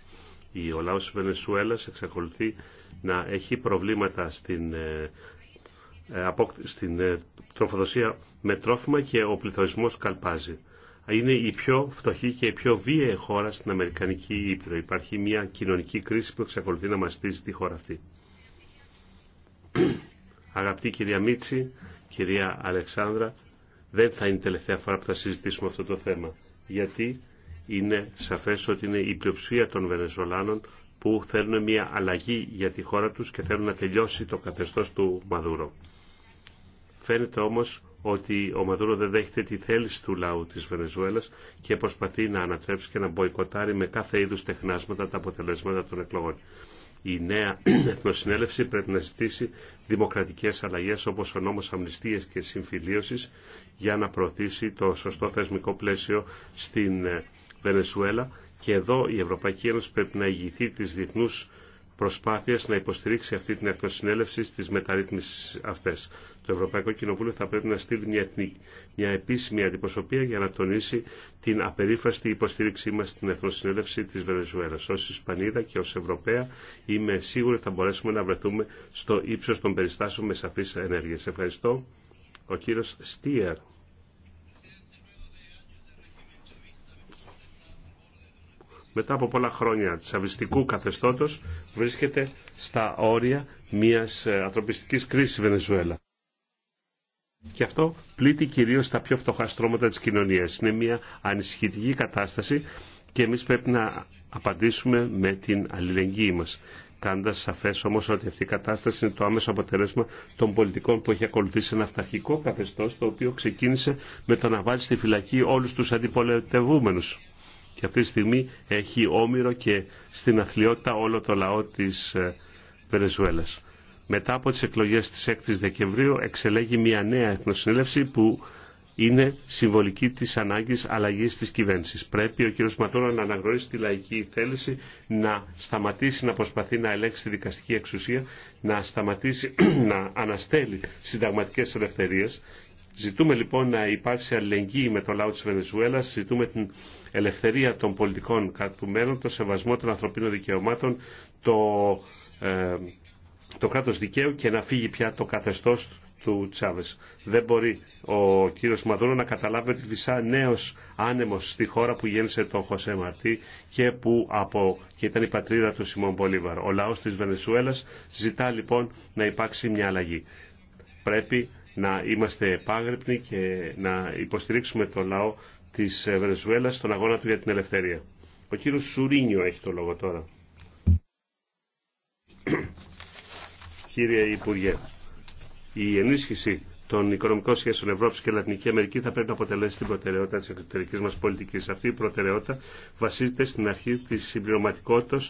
Speaker 1: Ο λαός της Βενεζουέλας εξακολουθεί να έχει προβλήματα στην, ε, ε, στην ε, τροφοδοσία με τρόφιμα και ο πληθωρισμός καλπάζει. Είναι η πιο φτωχή και η πιο βίαιη χώρα στην Αμερικανική Ήπειρο. Υπάρχει μια κοινωνική κρίση που εξακολουθεί να μαστίζει τη χώρα αυτή. Αγαπητή κυρία Μίτση, κυρία Αλεξάνδρα, δεν θα είναι η τελευταία φορά που θα συζητήσουμε αυτό το θέμα. Γιατί είναι σαφές ότι είναι η πλειοψηφία των Βενεζολάνων που θέλουν μια αλλαγή για τη χώρα τους και θέλουν να τελειώσει το καθεστώς του Μαδούρο. Φαίνεται όμως ότι ο Μαδούρο δεν δέχεται τη θέληση του λαού της Βενεζουέλας και προσπαθεί να ανατρέψει και να μποϊκοτάρει με κάθε είδους τεχνάσματα τα αποτελέσματα των εκλογών η νέα Εθνοσυνέλευση πρέπει να ζητήσει δημοκρατικές αλλαγές όπως ο νόμος αμνηστίας και συμφιλίωσης για να προωθήσει το σωστό θεσμικό πλαίσιο στην ε, Βενεσουέλα και εδώ η Ευρωπαϊκή Ένωση πρέπει να ηγηθεί της διεθνούς προσπάθειας να υποστηρίξει αυτή την εθνοσυνέλευση στις μεταρρύθμισεις αυτές. Το Ευρωπαϊκό Κοινοβούλιο θα πρέπει να στείλει μια, εθνική, μια επίσημη αντιπροσωπεία για να τονίσει την απερίφραστη υποστήριξή μας στην εθνοσυνέλευση της Βενεζουέλας. Ως Ισπανίδα και ως Ευρωπαία είμαι σίγουρη θα μπορέσουμε να βρεθούμε στο ύψος των περιστάσεων με σαφείς ενέργειες. Ευχαριστώ. Ο κύριος Στίερ. μετά από πολλά χρόνια της αβιστικού καθεστώτος βρίσκεται στα όρια μιας ε, ανθρωπιστικής κρίσης στη Βενεζουέλα. Και αυτό πλήττει κυρίως τα πιο φτωχά στρώματα της κοινωνίας. Είναι μια ανησυχητική κατάσταση και εμείς πρέπει να απαντήσουμε με την αλληλεγγύη μας. Κάντας σαφές όμως ότι αυτή η κατάσταση είναι το άμεσο αποτελέσμα των πολιτικών που έχει ακολουθήσει ένα αυταρχικό καθεστώς το οποίο ξεκίνησε με το να βάλει στη φυλακή όλους τους αντιπολιτευούμενους και αυτή τη στιγμή έχει όμοιρο και στην αθλειότητα όλο το λαό της ε, Βενεζουέλας. Μετά από τις εκλογές της 6ης Δεκεμβρίου εξελέγει μια νέα εθνοσυνέλευση που είναι συμβολική της ανάγκης αλλαγής της κυβέρνησης. Πρέπει ο κ. Ματώνα να αναγνωρίσει τη λαϊκή θέληση, να σταματήσει να προσπαθεί να ελέγξει τη δικαστική εξουσία, να σταματήσει να αναστέλει συνταγματικές ελευθερίες Ζητούμε λοιπόν να υπάρξει αλληλεγγύη με το λαό της Βενεζουέλας, ζητούμε την ελευθερία των πολιτικών κατά το σεβασμό των ανθρωπίνων δικαιωμάτων, το, ε, το κράτος δικαίου και να φύγει πια το καθεστώς του Τσάβες. Δεν μπορεί ο κύριος Μαδούρο να καταλάβει ότι βυσά νέος άνεμος στη χώρα που γέννησε τον Χωσέ Μαρτί και που από, και ήταν η πατρίδα του Σιμών Πολίβαρο. Ο λαός της Βενεζουέλας ζητά λοιπόν να υπάρξει μια αλλαγή. Πρέπει να είμαστε επάγρυπνοι και να υποστηρίξουμε το λαό της Βενεζουέλας στον αγώνα του για την ελευθερία. Ο κύριος Σουρίνιο έχει το λόγο τώρα. Κύριε Υπουργέ, η ενίσχυση των οικονομικών σχέσεων Ευρώπη και Λατινική Αμερική θα πρέπει να αποτελέσει την προτεραιότητα τη εξωτερική μα πολιτική. Αυτή η προτεραιότητα βασίζεται στην αρχή τη συμπληρωματικότητα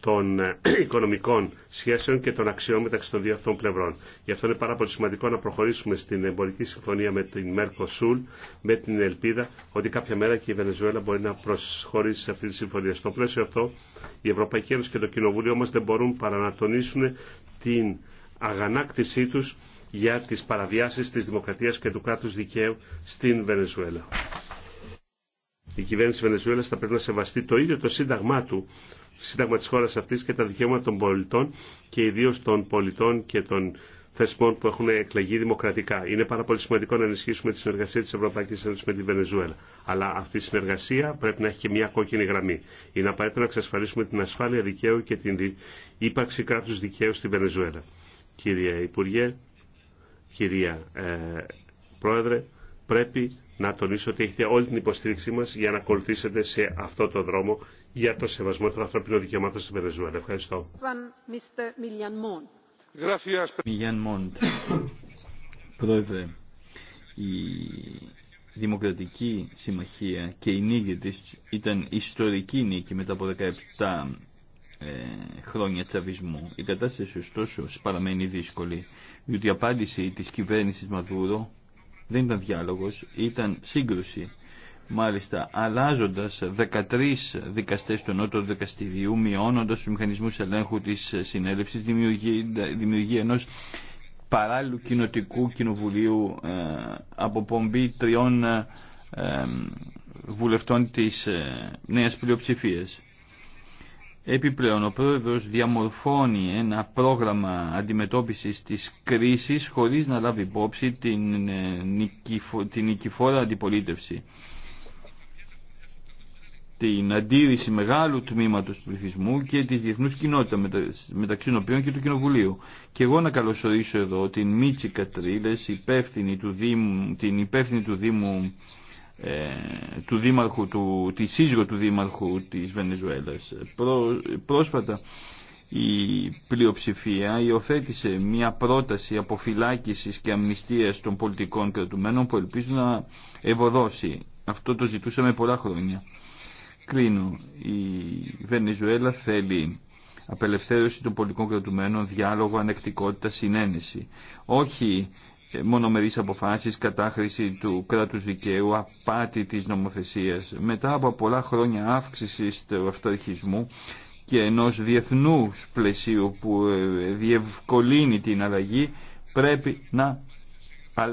Speaker 1: των ε, οικονομικών σχέσεων και των αξιών μεταξύ των δύο αυτών πλευρών. Γι' αυτό είναι πάρα πολύ σημαντικό να προχωρήσουμε στην εμπορική συμφωνία με την Σούλ, με την ελπίδα ότι κάποια μέρα και η Βενεζουέλα μπορεί να προσχωρήσει σε αυτή τη συμφωνία. Στο πλαίσιο αυτό, η Ευρωπαϊκή Ένωση και το Κοινοβούλιο όμω δεν μπορούν παρά να τονίσουν την αγανάκτησή του για τι παραβιάσει τη δημοκρατία και του κράτου δικαίου στην Βενεζουέλα. Η κυβέρνηση Βενεζουέλα θα πρέπει να σεβαστεί το ίδιο το σύνταγμά του Σύνταγμα της χώρας αυτής και τα δικαιώματα των πολιτών και ιδίως των πολιτών και των θεσμών που έχουν εκλεγεί δημοκρατικά. Είναι πάρα πολύ σημαντικό να ενισχύσουμε τη συνεργασία τη Ευρωπαϊκή Ένωση με τη Βενεζουέλα. Αλλά αυτή η συνεργασία πρέπει να έχει και μια κόκκινη γραμμή. Είναι απαραίτητο να εξασφαλίσουμε την ασφάλεια δικαίου και την ύπαρξη κράτου δικαίου στη Βενεζουέλα. Κύριε Υπουργέ, κυρία ε, Πρόεδρε, πρέπει να τονίσω ότι έχετε όλη την υποστήριξή μας για να ακολουθήσετε σε αυτό το δρόμο για το σεβασμό των ανθρωπίνων δικαιωμάτων στη Βενεζουέλα. Ευχαριστώ.
Speaker 2: Μόντ, πρόεδρε, η Δημοκρατική Συμμαχία και η νίκη της ήταν ιστορική νίκη μετά από 17 ε, χρόνια τσαβισμού. Η κατάσταση ωστόσο παραμένει δύσκολη, διότι η απάντηση της κυβέρνησης Μαδούρο δεν ήταν διάλογος, ήταν σύγκρουση Μάλιστα, αλλάζοντας 13 δικαστές του Νότου Δικαστηριού, μειώνοντας τους μηχανισμούς ελέγχου της συνέλευσης, δημιουργεί ενό παράλληλου κοινοτικού κοινοβουλίου ε, από πομπή τριών ε, βουλευτών της ε, νέας πλειοψηφίας. Επιπλέον, ο πρόεδρος διαμορφώνει ένα πρόγραμμα αντιμετώπισης της κρίσης χωρίς να λάβει υπόψη την, ε, την νικηφόρα αντιπολίτευση την αντίρρηση μεγάλου τμήματος του πληθυσμού και της διεθνούς κοινότητας μεταξύ των οποίων και του Κοινοβουλίου. Και εγώ να καλωσορίσω εδώ την Μίτσι Κατρίλες, υπεύθυνη του Δήμου, την υπεύθυνη του Δήμου ε, του Δήμαρχου, του, τη σύζυγο του Δήμαρχου της Βενεζουέλας. πρόσφατα η πλειοψηφία υιοθέτησε μια πρόταση αποφυλάκησης και αμνηστίας των πολιτικών κρατουμένων που ελπίζουν να ευωδώσει. Αυτό το ζητούσαμε πολλά χρόνια. Η Βενεζουέλα θέλει απελευθέρωση των πολιτικών κρατουμένων, διάλογο, ανεκτικότητα, συνένεση. Όχι ε, μονομερείς αποφάσεις, κατάχρηση του κράτους δικαίου, απάτη της νομοθεσίας. Μετά από πολλά χρόνια αύξησης του αυταρχισμού και ενός διεθνούς πλαισίου που ε, διευκολύνει την αλλαγή, πρέπει να,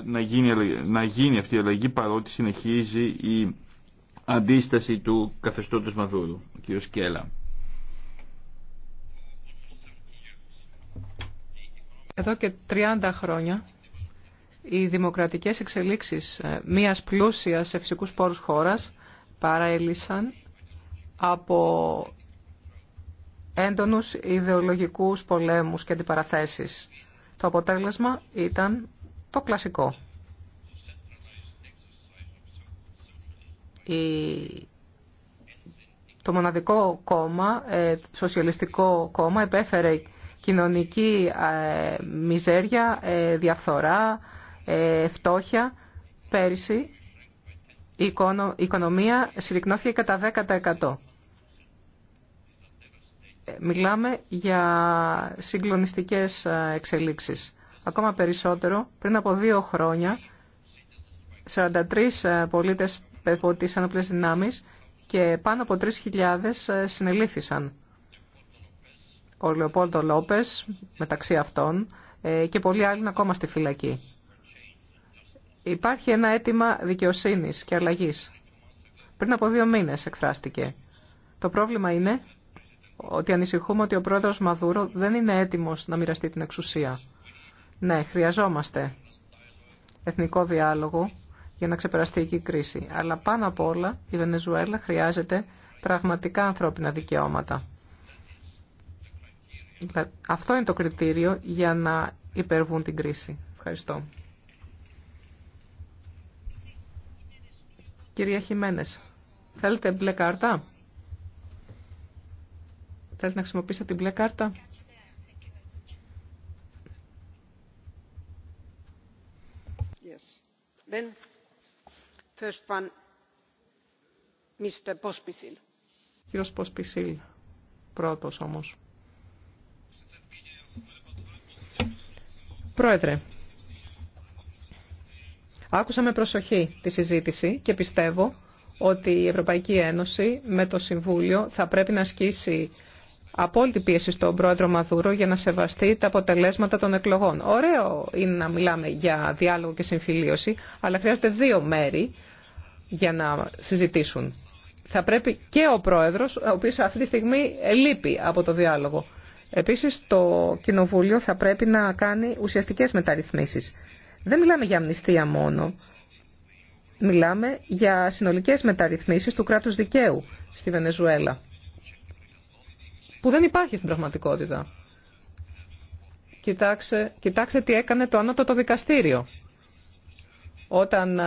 Speaker 2: να, γίνει, να γίνει αυτή η αλλαγή παρότι συνεχίζει η αντίσταση του καθεστώτος Μαδούρου, ο Σκέλα.
Speaker 3: Εδώ και 30 χρόνια οι δημοκρατικές εξελίξεις ε, μιας πλούσιας σε φυσικούς πόρους χώρας παραέλυσαν από έντονους ιδεολογικούς πολέμους και αντιπαραθέσεις. Το αποτέλεσμα ήταν το κλασικό. το μοναδικό κόμμα, ε, σοσιαλιστικό κόμμα, επέφερε κοινωνική ε, μιζέρια, ε, διαφθορά, φτώχεια. Πέρυσι η οικονομία συρρυκνώθηκε κατά 10%. Μιλάμε για συγκλονιστικές εξελίξεις. Ακόμα περισσότερο, πριν από δύο χρόνια, 43 πολίτες από της Ανοπλές Δυνάμεις και πάνω από 3.000 ε, συνελήφθησαν. Ο Λεοπόλτο Λόπες μεταξύ αυτών ε, και πολλοί άλλοι είναι ακόμα στη φυλακή. Υπάρχει ένα αίτημα δικαιοσύνης και αλλαγής. Πριν από δύο μήνες εκφράστηκε. Το πρόβλημα είναι ότι ανησυχούμε ότι ο πρόεδρος Μαδούρο δεν είναι έτοιμος να μοιραστεί την εξουσία. Ναι, χρειαζόμαστε εθνικό διάλογο για να ξεπεραστεί η κρίση. Αλλά πάνω απ' όλα η Βενεζουέλα χρειάζεται πραγματικά ανθρώπινα δικαιώματα. Αυτό είναι το κριτήριο για να υπερβούν την κρίση. Ευχαριστώ. Κυρία Χιμένες, θέλετε μπλε κάρτα? Θέλετε να χρησιμοποιήσετε την μπλε κάρτα? Yes. Then... Ποσπισίλ, πρώτος όμως. Πρόεδρε, άκουσα με προσοχή τη συζήτηση και πιστεύω ότι η Ευρωπαϊκή Ένωση με το Συμβούλιο θα πρέπει να ασκήσει απόλυτη πίεση στον πρόεδρο Μαδούρο για να σεβαστεί τα αποτελέσματα των εκλογών. Ωραίο είναι να μιλάμε για διάλογο και συμφιλίωση, αλλά χρειάζονται δύο μέρη για να συζητήσουν. Θα πρέπει και ο πρόεδρος, ο οποίος αυτή τη στιγμή λείπει από το διάλογο. Επίσης, το Κοινοβούλιο θα πρέπει να κάνει ουσιαστικές μεταρρυθμίσεις. Δεν μιλάμε για αμνηστία μόνο. Μιλάμε για συνολικές μεταρρυθμίσεις του κράτους δικαίου στη Βενεζουέλα, που δεν υπάρχει στην πραγματικότητα. Κοιτάξτε, τι έκανε το ανώτατο δικαστήριο όταν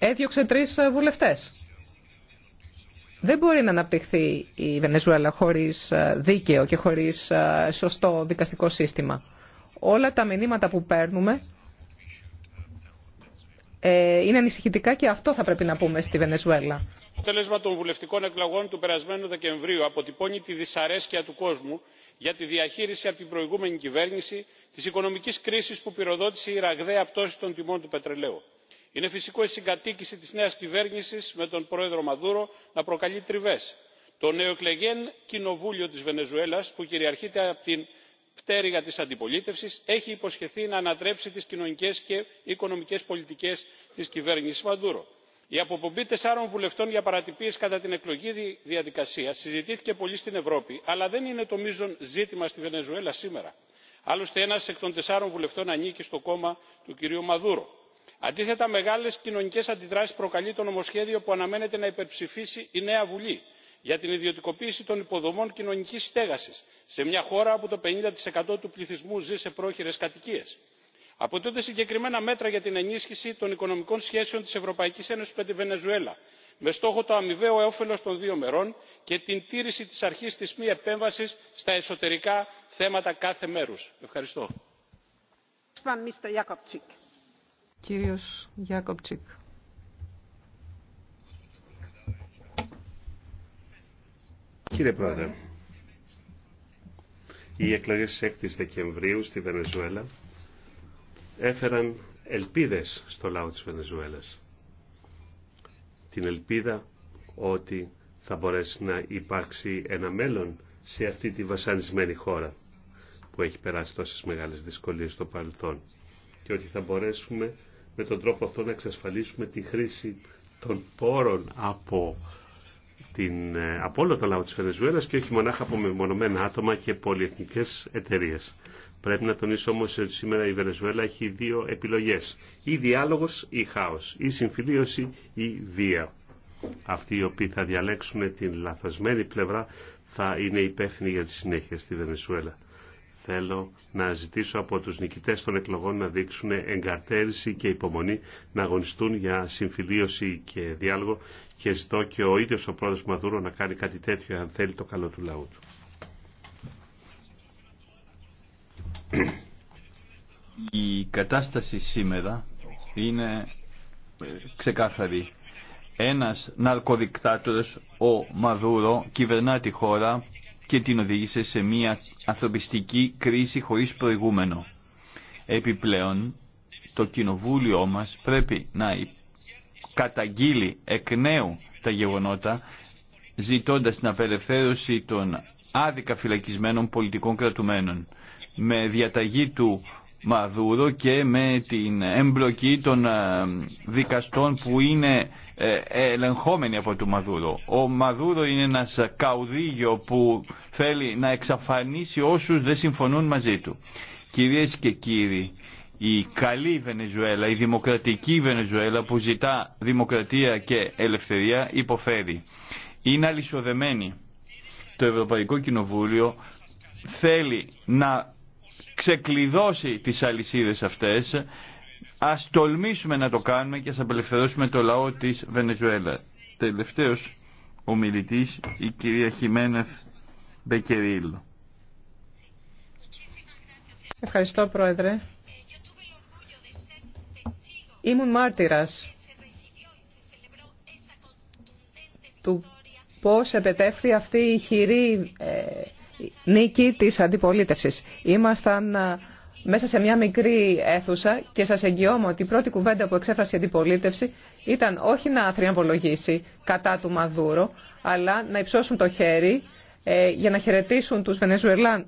Speaker 3: έδιωξε τρεις ε, βουλευτές. Δεν μπορεί να αναπτυχθεί η Βενεζουέλα χωρίς ε, δίκαιο και χωρίς ε, σωστό δικαστικό σύστημα. Όλα τα μηνύματα που παίρνουμε είναι ανησυχητικά και αυτό θα πρέπει να πούμε στη Βενεζουέλα. Το
Speaker 4: αποτέλεσμα των βουλευτικών εκλογών του περασμένου Δεκεμβρίου αποτυπώνει τη δυσαρέσκεια του κόσμου για τη διαχείριση από την προηγούμενη κυβέρνηση της οικονομικής κρίσης που πυροδότησε η ραγδαία πτώση των τιμών του πετρελαίου είναι φυσικό η συγκατοίκηση της νέας κυβέρνησης με τον πρόεδρο μαδούρο να προκαλεί τριβές. το νεοεκλεγέν κοινοβούλιο της βενεζουέλας που κυριαρχείται από την πτέρυγα της αντιπολίτευσης έχει υποσχεθεί να ανατρέψει τις κοινωνικές και οικονομικές πολιτικές της κυβέρνησης μαδούρο. η αποπομπή τεσσάρων βουλευτών για παρατυπίες κατά την εκλογική διαδικασία συζητήθηκε πολύ στην ευρώπη αλλά δεν είναι το μείζον ζήτημα στη βενεζουέλα σήμερα. άλλωστε ένας εκ των τεσσάρων βουλευτών ανήκει στο κόμμα του κυρίου μαδούρο αντίθετα μεγάλες κοινωνικές αντιδράσεις προκαλεί το νομοσχέδιο που αναμένεται να υπερψηφίσει η νέα βουλή για την ιδιωτικοποίηση των υποδομών κοινωνικής στέγασης σε μια χώρα όπου το 50 του πληθυσμού ζει σε πρόχειρες κατοικίες. απαιτούνται συγκεκριμένα μέτρα για την ενίσχυση των οικονομικών σχέσεων της ευρωπαϊκής ένωσης με τη βενεζουέλα με στόχο το αμοιβαίο όφελος των δύο μερών και την τήρηση της αρχής της μη επέμβασης στα εσωτερικά θέματα κάθε μέρους. ευχαριστώ.
Speaker 3: Κύριος Γιάκοπτσικ.
Speaker 1: Κύριε Πρόεδρε, οι εκλογές 6 Δεκεμβρίου στη Βενεζουέλα έφεραν ελπίδες στο λαό της Βενεζουέλας. Την ελπίδα ότι θα μπορέσει να υπάρξει ένα μέλλον σε αυτή τη βασανισμένη χώρα που έχει περάσει τόσες μεγάλες δυσκολίες στο παρελθόν και ότι θα μπορέσουμε με τον τρόπο αυτό να εξασφαλίσουμε τη χρήση των πόρων από, την, ε, από όλο το λαό της Βενεζουέλας και όχι μονάχα από μεμονωμένα άτομα και πολυεθνικές εταιρείε. Πρέπει να τονίσω όμως ότι σήμερα η Βενεζουέλα έχει δύο επιλογές. Ή διάλογος ή χάος. Ή συμφιλίωση ή βία. Αυτοί οι οποίοι θα διαλέξουν την λαθασμένη πλευρά θα είναι υπεύθυνοι για τη συνέχεια στη Βενεζουέλα θέλω να ζητήσω από τους νικητές των εκλογών να δείξουν εγκαρτέρηση και υπομονή να αγωνιστούν για συμφιλίωση και διάλογο και ζητώ και ο ίδιος ο πρόεδρος Μαδούρο να κάνει κάτι τέτοιο αν θέλει το καλό του λαού του.
Speaker 2: Η κατάσταση σήμερα είναι ε, ξεκάθαρη. Ένας ναρκοδικτάτορος, ο Μαδούρο, κυβερνά τη χώρα και την οδήγησε σε μια ανθρωπιστική κρίση χωρίς προηγούμενο. Επιπλέον, το κοινοβούλιο μας πρέπει να καταγγείλει εκ νέου τα γεγονότα, ζητώντας την απελευθέρωση των άδικα φυλακισμένων πολιτικών κρατουμένων, με διαταγή του Μαδούρο και με την εμπλοκή των ε, δικαστών που είναι ε, ελεγχόμενοι από του Μαδούρο. Ο Μαδούρο είναι ένας καουδίγιο που θέλει να εξαφανίσει όσους δεν συμφωνούν μαζί του. Κυρίες και κύριοι, η καλή Βενεζουέλα, η δημοκρατική Βενεζουέλα που ζητά δημοκρατία και ελευθερία υποφέρει. Είναι αλυσοδεμένη. Το Ευρωπαϊκό Κοινοβούλιο θέλει να ξεκλειδώσει τις αλυσίδες αυτές Ας τολμήσουμε να το κάνουμε και ας απελευθερώσουμε το λαό της Βενεζουέλα. Τελευταίος ο μιλητής, η κυρία Χιμένεθ Μπεκερίλ.
Speaker 3: Ευχαριστώ Πρόεδρε. Ήμουν μάρτυρας του πώς επετέφθη αυτή η χειρή ε, νίκη της αντιπολίτευσης. Ήμασταν μέσα σε μια μικρή αίθουσα και σας εγγυώμαι ότι η πρώτη κουβέντα που εξέφρασε η αντιπολίτευση ήταν όχι να θριαμβολογήσει κατά του Μαδούρο, αλλά να υψώσουν το χέρι ε, για να χαιρετήσουν τους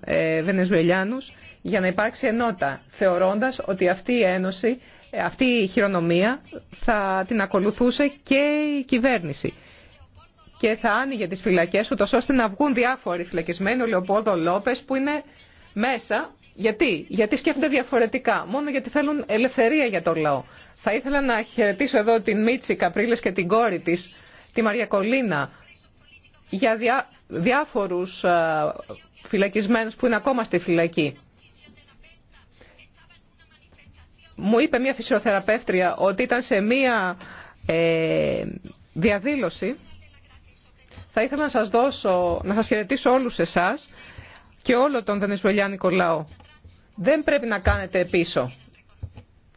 Speaker 3: ε, Βενεζουελιάνους για να υπάρξει ενότητα, θεωρώντας ότι αυτή η ένωση, ε, αυτή η χειρονομία θα την ακολουθούσε και η κυβέρνηση και θα άνοιγε τις φυλακές του, ώστε να βγουν διάφοροι φυλακισμένοι, ο Λεοπόδο Λόπες που είναι μέσα γιατί, γιατί σκέφτονται διαφορετικά, μόνο γιατί θέλουν ελευθερία για τον λαό. Θα ήθελα να χαιρετήσω εδώ την Μίτση Καπρίλες και την κόρη της, τη Μαρία Κολίνα, για διά, διάφορους ε, φυλακισμένους που είναι ακόμα στη φυλακή. Μου είπε μια φυσιοθεραπεύτρια ότι ήταν σε μια ε, διαδήλωση. Θα ήθελα να σας δώσω, να σας χαιρετήσω όλους εσάς και όλο τον Βενεζουελιάνικο λαό δεν πρέπει να κάνετε πίσω.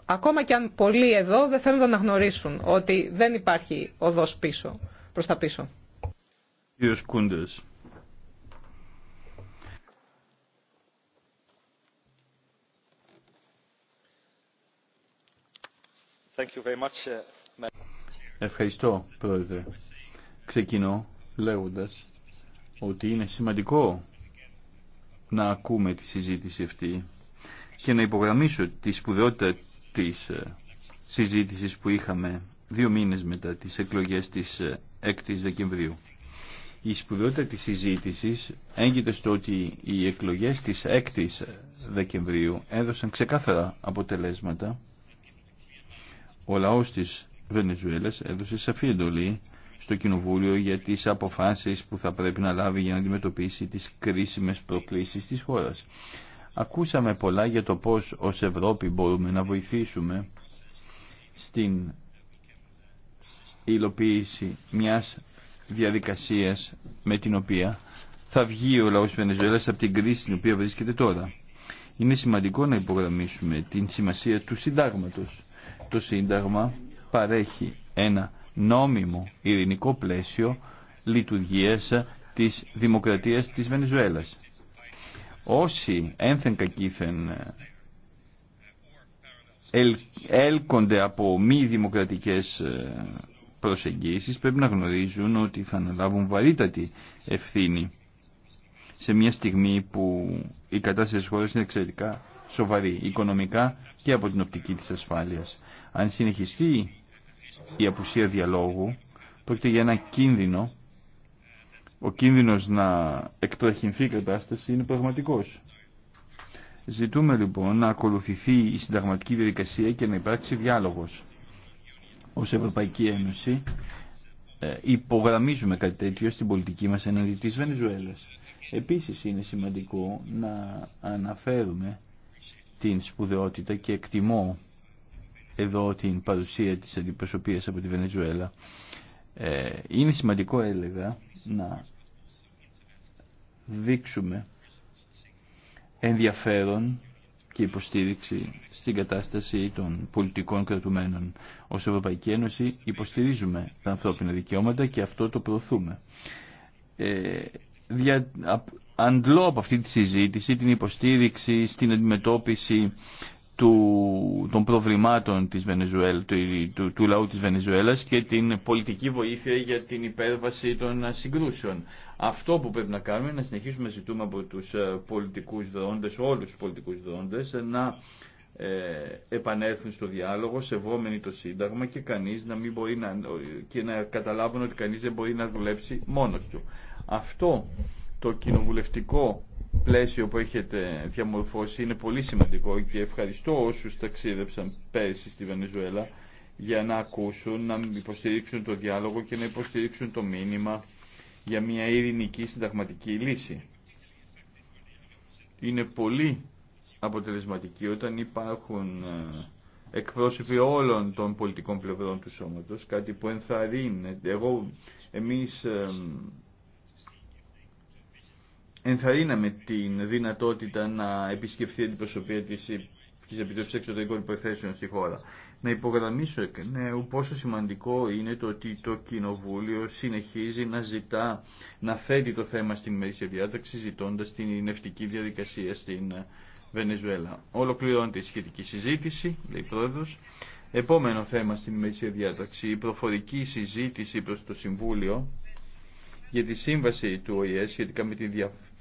Speaker 3: Ακόμα και αν πολλοί εδώ δεν θέλουν να γνωρίσουν ότι δεν υπάρχει οδός πίσω, προς τα πίσω.
Speaker 4: Uh,
Speaker 2: Ευχαριστώ, Πρόεδρε. Ξεκινώ λέγοντας ότι είναι σημαντικό να ακούμε τη συζήτηση αυτή και να υπογραμμίσω τη σπουδαιότητα της ε, συζήτησης που είχαμε δύο μήνες μετά τις εκλογές της 6ης ε, Δεκεμβρίου. Η σπουδαιότητα της συζήτησης έγκυται στο ότι οι εκλογές της 6ης ε, Δεκεμβρίου έδωσαν ξεκάθαρα αποτελέσματα. Ο λαός της Βενεζουέλας έδωσε σαφή εντολή στο Κοινοβούλιο για τις αποφάσεις που θα πρέπει να λάβει για να αντιμετωπίσει τις κρίσιμες προκλήσεις της χώρας. Ακούσαμε πολλά για το πώς ως Ευρώπη μπορούμε να βοηθήσουμε στην υλοποίηση μιας διαδικασίας με την οποία θα βγει ο λαός της Βενεζουέλας από την κρίση στην οποία βρίσκεται τώρα. Είναι σημαντικό να υπογραμμίσουμε την σημασία του συντάγματος. Το σύνταγμα παρέχει ένα νόμιμο ειρηνικό πλαίσιο λειτουργίας της δημοκρατίας της Βενεζουέλας όσοι ένθεν κακήθεν ε, έλκονται από μη δημοκρατικές ε, προσεγγίσεις πρέπει να γνωρίζουν ότι θα αναλάβουν βαρύτατη ευθύνη σε μια στιγμή που η κατάσταση της χώρας είναι εξαιρετικά σοβαρή οικονομικά και από την οπτική της ασφάλειας. Αν συνεχιστεί η απουσία διαλόγου πρόκειται για ένα κίνδυνο ο κίνδυνος να εκτραχυνθεί η κατάσταση είναι πραγματικός. Ζητούμε λοιπόν να ακολουθηθεί η συνταγματική διαδικασία και να υπάρξει διάλογος. Ως Ευρωπαϊκή Ένωση ε, υπογραμμίζουμε κάτι τέτοιο στην πολιτική μας εναντί της Βενεζουέλας. Επίσης είναι σημαντικό να αναφέρουμε την σπουδαιότητα και εκτιμώ εδώ την παρουσία της αντιπροσωπείας από τη Βενεζουέλα. Ε, είναι σημαντικό έλεγα να δείξουμε ενδιαφέρον και υποστήριξη στην κατάσταση των πολιτικών κρατουμένων. Ως Ευρωπαϊκή Ένωση υποστηρίζουμε τα ανθρώπινα δικαιώματα και αυτό το προωθούμε. Ε, δια, αντλώ από αυτή τη συζήτηση την υποστήριξη στην αντιμετώπιση του, των προβλημάτων της του, του, λαού της Βενεζουέλας και την πολιτική βοήθεια για την υπέρβαση των συγκρούσεων. Αυτό που πρέπει να κάνουμε είναι να συνεχίσουμε να ζητούμε από τους ε, πολιτικούς δρόντες, όλους τους πολιτικούς δρόντες, να ε, επανέλθουν στο διάλογο, σεβόμενοι το Σύνταγμα και, κανείς να μην και να καταλάβουν ότι κανείς δεν μπορεί να δουλέψει μόνος του. Αυτό το κοινοβουλευτικό πλαίσιο που έχετε διαμορφώσει είναι πολύ σημαντικό και ευχαριστώ όσους ταξίδεψαν πέρσι στη Βενεζουέλα για να ακούσουν, να υποστηρίξουν το διάλογο και να υποστηρίξουν το μήνυμα για μια ειρηνική συνταγματική λύση. Είναι πολύ αποτελεσματική όταν υπάρχουν ε, εκπρόσωποι όλων των πολιτικών πλευρών του σώματος, κάτι που ενθαρρύνεται. Εγώ, εμείς ε, ενθαρρύναμε την δυνατότητα να επισκεφθεί η αντιπροσωπεία της τη Επιτροπή Εξωτερικών Υποθέσεων στη χώρα. Να υπογραμμίσω εκ νέου πόσο σημαντικό είναι το ότι το Κοινοβούλιο συνεχίζει να ζητά, να θέτει το θέμα στην ημερήσια διάταξη, ζητώντα την ειρηνευτική διαδικασία στην Βενεζουέλα. Ολοκληρώνεται η σχετική συζήτηση, λέει πρόεδρο. Επόμενο θέμα στην ημερήσια διάταξη, η προφορική συζήτηση προ το Συμβούλιο για τη σύμβαση του ΟΗΕ σχετικά με τη διαφορά